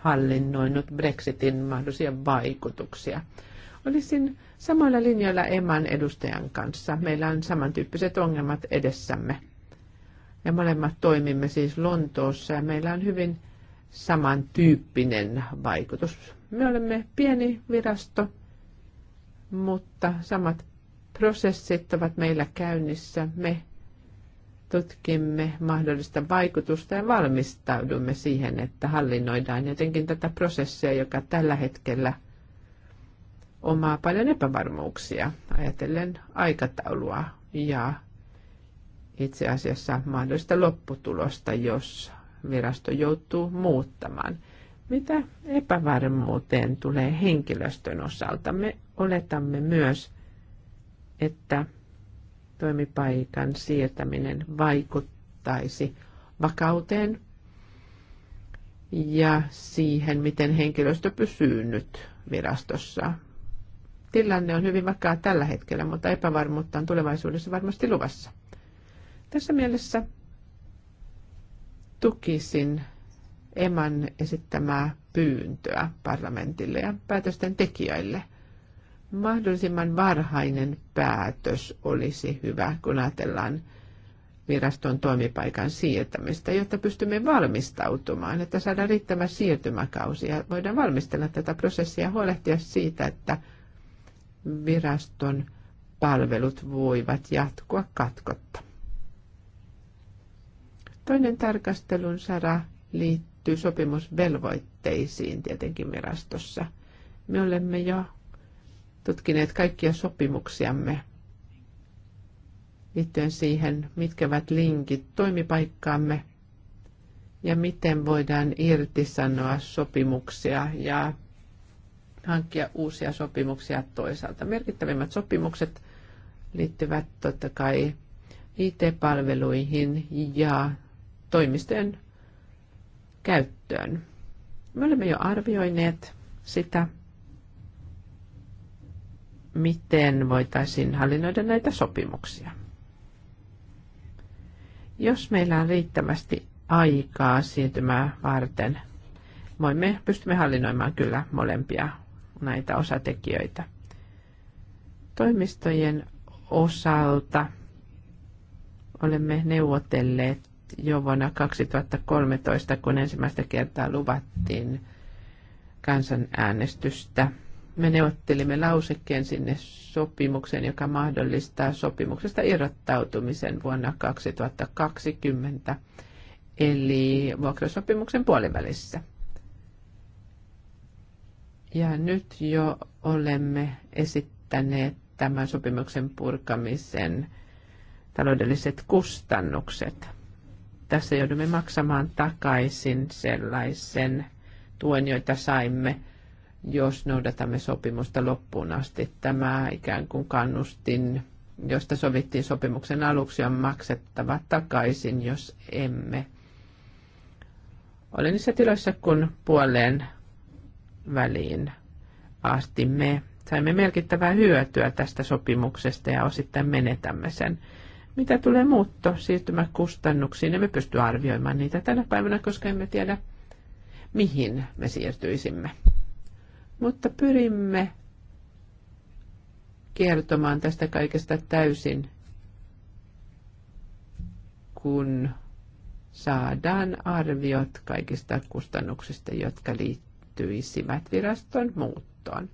hallinnoinut Brexitin mahdollisia vaikutuksia. Olisin samoilla linjoilla Eman edustajan kanssa. Meillä on samantyyppiset ongelmat edessämme. Ja molemmat toimimme siis Lontoossa ja meillä on hyvin samantyyppinen vaikutus. Me olemme pieni virasto, mutta samat prosessit ovat meillä käynnissä. Me tutkimme mahdollista vaikutusta ja valmistaudumme siihen, että hallinnoidaan jotenkin tätä prosessia, joka tällä hetkellä omaa paljon epävarmuuksia ajatellen aikataulua ja itse asiassa mahdollista lopputulosta, jos virasto joutuu muuttamaan. Mitä epävarmuuteen tulee henkilöstön osalta? Me oletamme myös, että toimipaikan siirtäminen vaikuttaisi vakauteen ja siihen, miten henkilöstö pysyy nyt virastossa. Tilanne on hyvin vakaa tällä hetkellä, mutta epävarmuutta on tulevaisuudessa varmasti luvassa. Tässä mielessä tukisin Eman esittämää pyyntöä parlamentille ja päätösten tekijöille. Mahdollisimman varhainen päätös olisi hyvä, kun ajatellaan viraston toimipaikan siirtämistä, jotta pystymme valmistautumaan, että saadaan riittävä siirtymäkausi ja voidaan valmistella tätä prosessia ja huolehtia siitä, että viraston palvelut voivat jatkua katkottamaan. Toinen tarkastelun sara liittyy sopimusvelvoitteisiin tietenkin virastossa. Me olemme jo tutkineet kaikkia sopimuksiamme liittyen siihen, mitkä ovat linkit toimipaikkaamme ja miten voidaan irtisanoa sopimuksia ja hankkia uusia sopimuksia toisaalta. Merkittävimmät sopimukset liittyvät totta kai IT-palveluihin ja toimistojen käyttöön. Me olemme jo arvioineet sitä, miten voitaisiin hallinnoida näitä sopimuksia. Jos meillä on riittävästi aikaa siirtymää varten, voimme, pystymme hallinnoimaan kyllä molempia näitä osatekijöitä. Toimistojen osalta olemme neuvotelleet jo vuonna 2013, kun ensimmäistä kertaa luvattiin kansanäänestystä. Me neuvottelimme lausekkeen sinne sopimukseen, joka mahdollistaa sopimuksesta irrottautumisen vuonna 2020, eli vuokrasopimuksen puolivälissä. Ja nyt jo olemme esittäneet tämän sopimuksen purkamisen taloudelliset kustannukset – tässä joudumme maksamaan takaisin sellaisen tuen, joita saimme, jos noudatamme sopimusta loppuun asti. Tämä ikään kuin kannustin, josta sovittiin sopimuksen aluksi, on maksettava takaisin, jos emme. Olen niissä tiloissa, kun puoleen väliin asti me saimme merkittävää hyötyä tästä sopimuksesta ja osittain menetämme sen mitä tulee muutto siirtymäkustannuksiin, emme pysty arvioimaan niitä tänä päivänä, koska emme tiedä, mihin me siirtyisimme. Mutta pyrimme kertomaan tästä kaikesta täysin, kun saadaan arviot kaikista kustannuksista, jotka liittyisivät viraston muuttoon.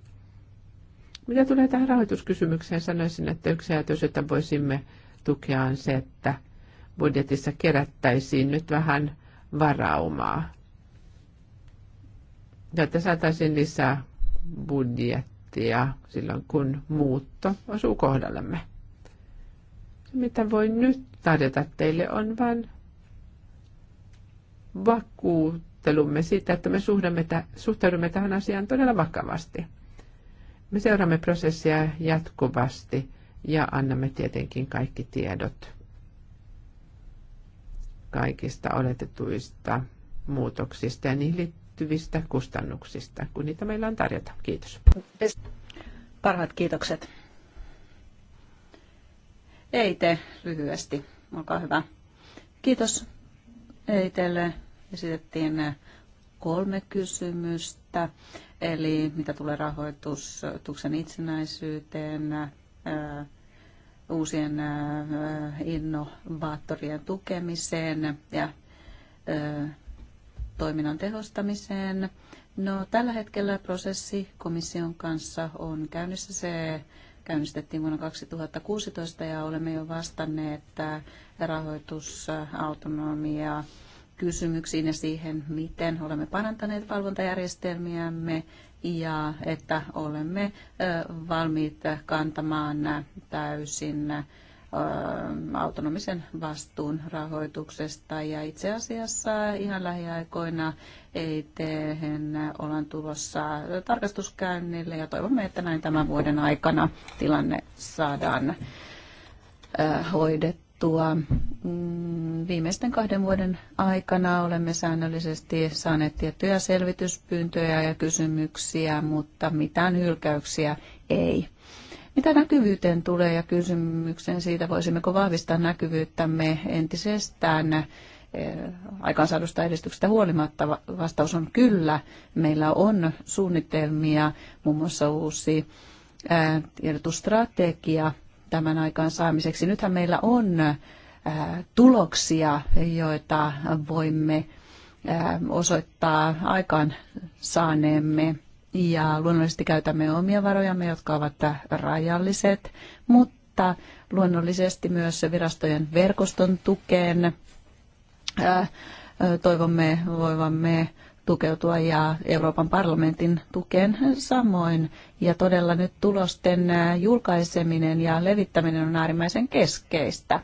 Mitä tulee tähän rahoituskysymykseen, sanoisin, että yksi ajatus, että voisimme tukea on se, että budjetissa kerättäisiin nyt vähän varaumaa, jotta saataisiin lisää budjettia silloin, kun muutto osuu kohdallemme. Se, mitä voi nyt tarjota teille, on vain vakuuttelumme siitä, että me suhtaudumme tähän asiaan todella vakavasti. Me seuraamme prosessia jatkuvasti ja annamme tietenkin kaikki tiedot kaikista oletetuista muutoksista ja niihin liittyvistä kustannuksista, kun niitä meillä on tarjota. Kiitos. Parhaat kiitokset. Ei te lyhyesti. Olkaa hyvä. Kiitos. Ei teille esitettiin kolme kysymystä. Eli mitä tulee rahoitustuksen itsenäisyyteen, uusien innovaattorien tukemiseen ja toiminnan tehostamiseen. No, tällä hetkellä prosessi komission kanssa on käynnissä. Se käynnistettiin vuonna 2016 ja olemme jo vastanneet rahoitusautonomia kysymyksiin ja siihen, miten olemme parantaneet valvontajärjestelmiämme ja että olemme valmiit kantamaan täysin autonomisen vastuun rahoituksesta. Ja itse asiassa ihan lähiaikoina ei hen ollaan tulossa tarkastuskäynnille ja toivomme, että näin tämän vuoden aikana tilanne saadaan hoidettua sovittua. Mm, viimeisten kahden vuoden aikana olemme säännöllisesti saaneet tiettyjä selvityspyyntöjä ja kysymyksiä, mutta mitään hylkäyksiä ei. Mitä näkyvyyteen tulee ja kysymykseen siitä, voisimmeko vahvistaa näkyvyyttämme entisestään eh, aikaansaadusta edistyksestä huolimatta, vastaus on kyllä. Meillä on suunnitelmia, muun muassa uusi eh, tiedotusstrategia, tämän aikaan saamiseksi. Nythän meillä on äh, tuloksia, joita voimme äh, osoittaa aikaan saaneemme. Ja luonnollisesti käytämme omia varojamme, jotka ovat äh, rajalliset, mutta luonnollisesti myös virastojen verkoston tukeen toivomme voivamme tukeutua ja Euroopan parlamentin tukeen samoin. Ja todella nyt tulosten julkaiseminen ja levittäminen on äärimmäisen keskeistä.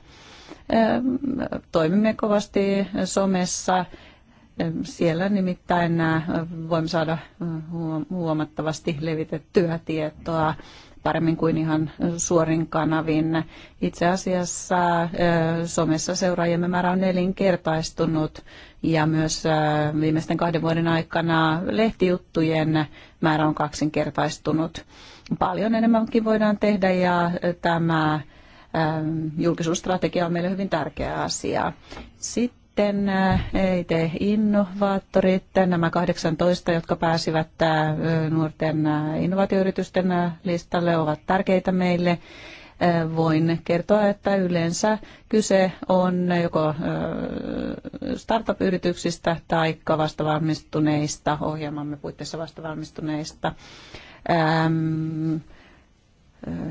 Toimimme kovasti somessa. Siellä nimittäin voimme saada huomattavasti levitettyä tietoa paremmin kuin ihan suorin kanavin. Itse asiassa somessa seuraajamme määrä on nelinkertaistunut ja myös viimeisten kahden vuoden aikana lehtijuttujen määrä on kaksinkertaistunut. Paljon enemmänkin voidaan tehdä ja tämä julkisuusstrategia on meille hyvin tärkeä asia. Sitten sitten IT-innovaattorit, nämä 18, jotka pääsivät nuorten innovaatioyritysten listalle, ovat tärkeitä meille. Voin kertoa, että yleensä kyse on joko startup-yrityksistä tai vastavalmistuneista, ohjelmamme puitteissa vastavalmistuneista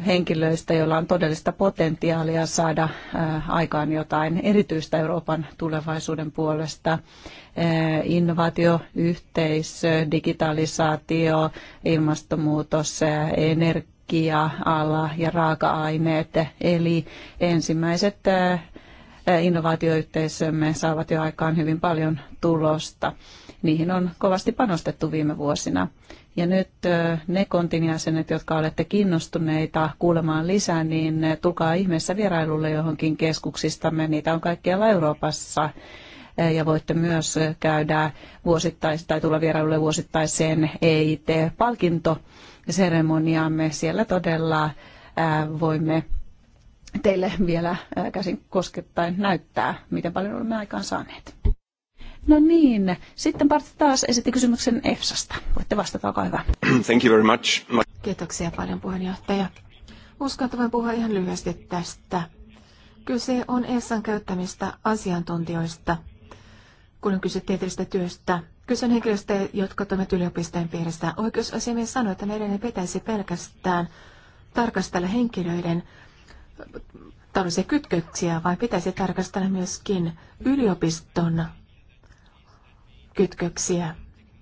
henkilöistä, joilla on todellista potentiaalia saada aikaan jotain erityistä Euroopan tulevaisuuden puolesta. Innovaatioyhteisö, digitalisaatio, ilmastonmuutos, energia, ala ja raaka-aineet. Eli ensimmäiset innovaatioyhteisömme saavat jo aikaan hyvin paljon tulosta. Niihin on kovasti panostettu viime vuosina. Ja nyt ne kontin jotka olette kiinnostuneita kuulemaan lisää, niin tulkaa ihmeessä vierailulle johonkin keskuksistamme. Niitä on kaikkialla Euroopassa ja voitte myös käydä vuosittais, tai tulla vierailulle vuosittaiseen EIT-palkintoseremoniaamme. Siellä todella voimme teille vielä käsin koskettaen näyttää, miten paljon olemme aikaan saaneet. No niin, sitten Bart taas esitti kysymyksen EFSAsta. Voitte vastata, olkaa hyvä. Thank you very much. Kiitoksia paljon puheenjohtaja. Uskon, että voin puhua ihan lyhyesti tästä. Kyse on EFSAn käyttämistä asiantuntijoista, kun on kyse tieteellisestä työstä. Kyse on henkilöistä, jotka toimivat yliopistojen piirissä. Oikeusasiamies sanoi, että meidän ei pitäisi pelkästään tarkastella henkilöiden taloudellisia kytköksiä, vaan pitäisi tarkastella myöskin yliopiston kytköksiä,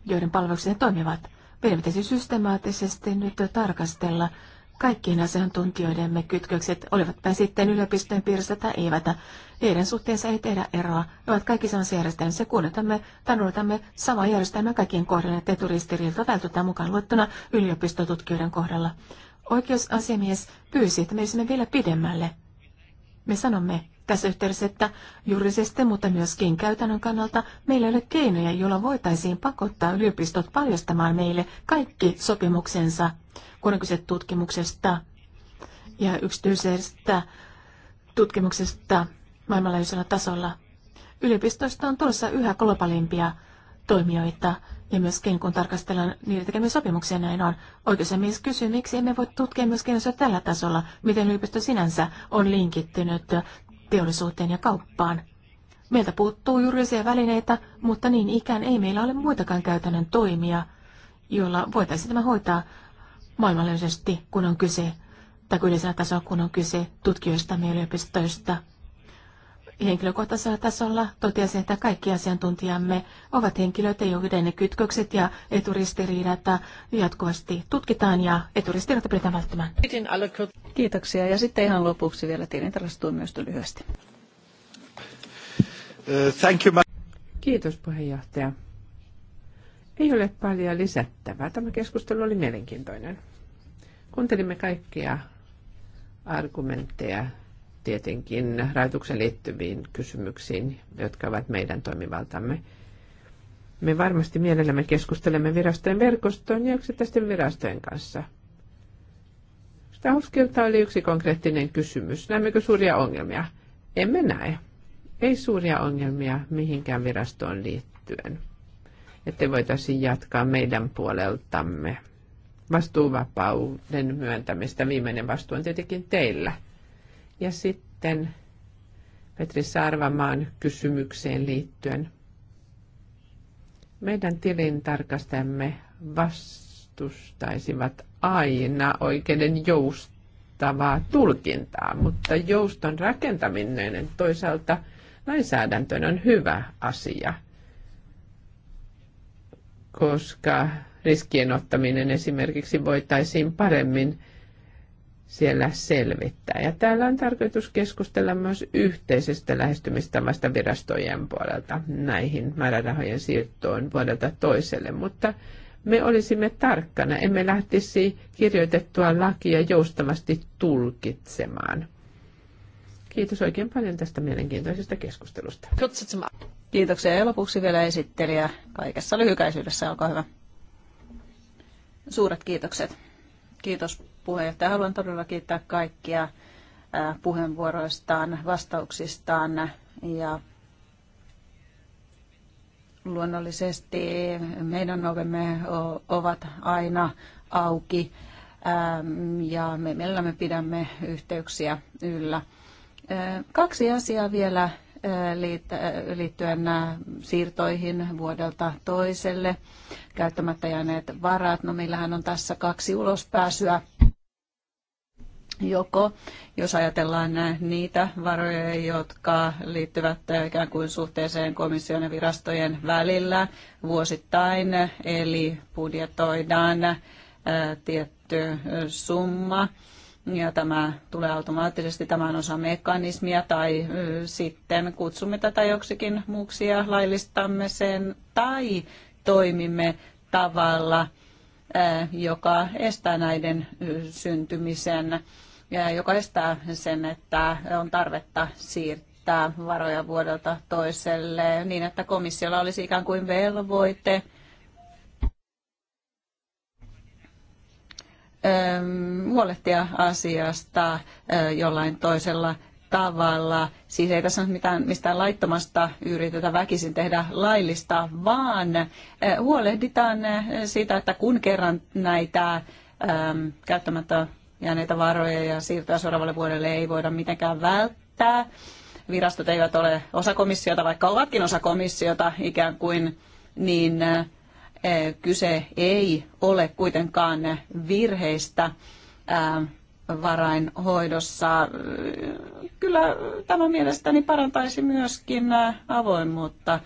joiden palveluksessa ne toimivat. Meidän pitäisi systemaattisesti nyt tarkastella kaikkien asiantuntijoidemme kytkökset, olivatpä sitten yliopistojen piirissä tai eivätä, Heidän suhteensa ei tehdä eroa. Ne ovat kaikki samassa järjestelmässä ja kuunnetamme tai noudatamme samaa järjestelmää kaikkien kohdalla, että eturistiriilta vältytään mukaan luettuna yliopistotutkijoiden kohdalla. Oikeusasiamies pyysi, että menisimme vielä pidemmälle. Me sanomme, tässä yhteydessä, että juridisesti, mutta myöskin käytännön kannalta meillä ei ole keinoja, joilla voitaisiin pakottaa yliopistot paljastamaan meille kaikki sopimuksensa, kun on kyse tutkimuksesta ja yksityisestä tutkimuksesta maailmanlaajuisella tasolla. Yliopistoista on tulossa yhä globaalimpia toimijoita, ja myöskin kun tarkastellaan niiden tekemiä sopimuksia, näin on. Oikeusasiamies kysyy, miksi emme voi tutkia myöskin tällä tasolla, miten yliopisto sinänsä on linkittynyt teollisuuteen ja kauppaan. Meiltä puuttuu juridisia välineitä, mutta niin ikään ei meillä ole muitakaan käytännön toimia, joilla voitaisiin tämä hoitaa maailmanlaajuisesti, kun on kyse, tai yleisellä tasolla, kun on kyse tutkijoista ja yliopistoista – henkilökohtaisella tasolla totesin, että kaikki asiantuntijamme ovat henkilöitä, joiden kytkökset ja eturistiriidat jatkuvasti tutkitaan ja eturistiriidat pyritään välttämään. Kiitoksia. Ja sitten ihan lopuksi vielä tilintarkastustuomioistuin lyhyesti. Uh, thank you, Kiitos puheenjohtaja. Ei ole paljon lisättävää. Tämä keskustelu oli mielenkiintoinen. Kuuntelimme kaikkia argumentteja tietenkin rajoituksen liittyviin kysymyksiin, jotka ovat meidän toimivaltamme. Me varmasti mielellämme keskustelemme virastojen verkostoon ja yksittäisten virastojen kanssa. Stahuskilta oli yksi konkreettinen kysymys. Näemmekö suuria ongelmia? Emme näe. Ei suuria ongelmia mihinkään virastoon liittyen. Että voitaisiin jatkaa meidän puoleltamme vastuuvapauden myöntämistä. Viimeinen vastuu on tietenkin teillä – ja sitten Petri Sarvamaan kysymykseen liittyen. Meidän tilintarkastajamme vastustaisivat aina oikeuden joustavaa tulkintaa, mutta jouston rakentaminen toisaalta lainsäädäntöön on hyvä asia, koska riskien ottaminen esimerkiksi voitaisiin paremmin – siellä selvittää. Ja täällä on tarkoitus keskustella myös yhteisestä lähestymistavasta virastojen puolelta näihin määrärahojen siirtoon vuodelta toiselle, mutta me olisimme tarkkana, emme lähtisi kirjoitettua lakia joustavasti tulkitsemaan. Kiitos oikein paljon tästä mielenkiintoisesta keskustelusta. Kiitoksia ja lopuksi vielä esittelijä kaikessa lyhykäisyydessä, olkaa hyvä. Suuret kiitokset. Kiitos puheenjohtaja. Haluan todella kiittää kaikkia puheenvuoroistaan, vastauksistaan ja luonnollisesti meidän ovemme ovat aina auki ja me pidämme yhteyksiä yllä. Kaksi asiaa vielä liittyen siirtoihin vuodelta toiselle, käyttämättä jääneet varat. No meillähän on tässä kaksi ulospääsyä joko, jos ajatellaan niitä varoja, jotka liittyvät ikään kuin suhteeseen komission ja virastojen välillä vuosittain, eli budjetoidaan tietty summa, ja tämä tulee automaattisesti tämän osa mekanismia, tai sitten kutsumme tätä joksikin muuksi ja laillistamme sen, tai toimimme tavalla, joka estää näiden syntymisen joka estää sen, että on tarvetta siirtää varoja vuodelta toiselle niin, että komissiolla olisi ikään kuin velvoite huolehtia asiasta jollain toisella tavalla. Siis ei tässä ole mitään, mistään laittomasta yritetä väkisin tehdä laillista, vaan huolehditaan siitä, että kun kerran näitä käyttämättä ja näitä varoja ja siirtyä seuraavalle vuodelle ei voida mitenkään välttää. Virastot eivät ole osakomissiota, vaikka ovatkin osakomissiota ikään kuin, niin kyse ei ole kuitenkaan virheistä varainhoidossa. Kyllä tämä mielestäni parantaisi myöskin avoimuutta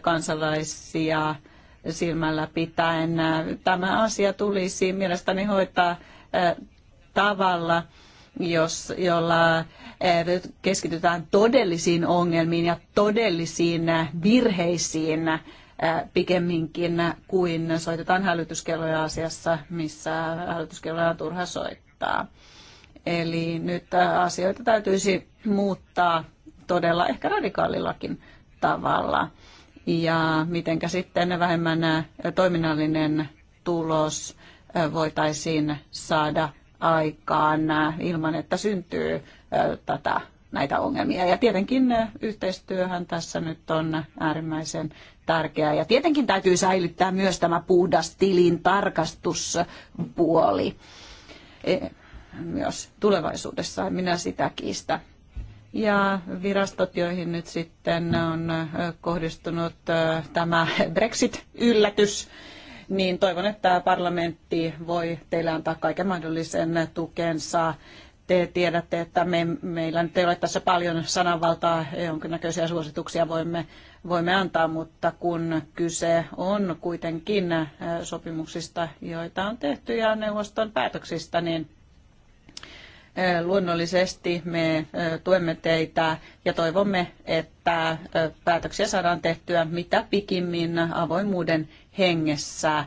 kansalaisia silmällä pitäen. Tämä asia tulisi mielestäni hoitaa tavalla, jos, jolla eh, keskitytään todellisiin ongelmiin ja todellisiin eh, virheisiin eh, pikemminkin kuin soitetaan hälytyskelloja asiassa, missä hälytyskelloja on turha soittaa. Eli nyt asioita täytyisi muuttaa todella ehkä radikaalillakin tavalla. Ja mitenkä sitten vähemmän toiminnallinen tulos voitaisiin saada aikaan äh, ilman, että syntyy äh, tätä, näitä ongelmia. Ja tietenkin äh, yhteistyöhän tässä nyt on äärimmäisen tärkeää. Ja tietenkin täytyy säilyttää myös tämä puhdas tilin tarkastuspuoli e, myös tulevaisuudessa. minä sitä kiistä. Ja virastot, joihin nyt sitten on kohdistunut tämä Brexit-yllätys, niin toivon, että parlamentti voi teille antaa kaiken mahdollisen tukensa te tiedätte, että me, meillä nyt ei ole tässä paljon sananvaltaa, jonkinnäköisiä suosituksia voimme, voimme antaa, mutta kun kyse on kuitenkin äh, sopimuksista, joita on tehty ja neuvoston päätöksistä, niin äh, luonnollisesti me äh, tuemme teitä ja toivomme, että päätöksiä saadaan tehtyä mitä pikimmin avoimuuden hengessä,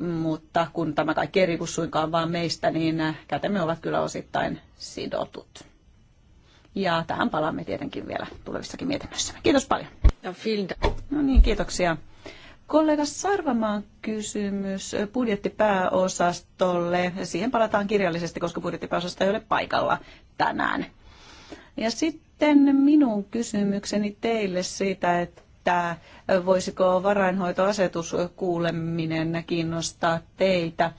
mutta kun tämä kaikki ei riipu suinkaan vaan meistä, niin kätemme ovat kyllä osittain sidotut. Ja tähän palaamme tietenkin vielä tulevissakin mietinnöissä. Kiitos paljon. No niin, kiitoksia. Kollega Sarvamaan kysymys budjettipääosastolle. Siihen palataan kirjallisesti, koska budjettipääosasto ei ole paikalla tänään. Ja sitten minun kysymykseni teille siitä, että että voisiko kuuleminen kiinnostaa teitä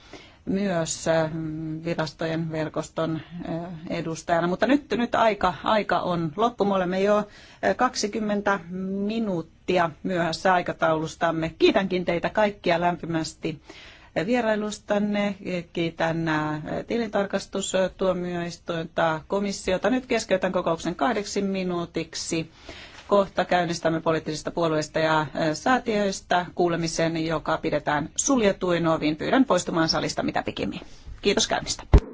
myös mm, virastojen verkoston eh, edustajana. Mutta nyt, nyt aika, aika on loppu. Me olemme jo 20 eh, minuuttia myöhässä aikataulustamme. Kiitänkin teitä kaikkia lämpimästi vierailustanne. Kiitän eh, tilintarkastustuomioistuinta komissiota. Nyt keskeytän kokouksen kahdeksi minuutiksi kohta käynnistämme poliittisista puolueista ja säätiöistä kuulemisen, joka pidetään suljetuin oviin. Pyydän poistumaan salista mitä pikimmin. Kiitos käynnistä.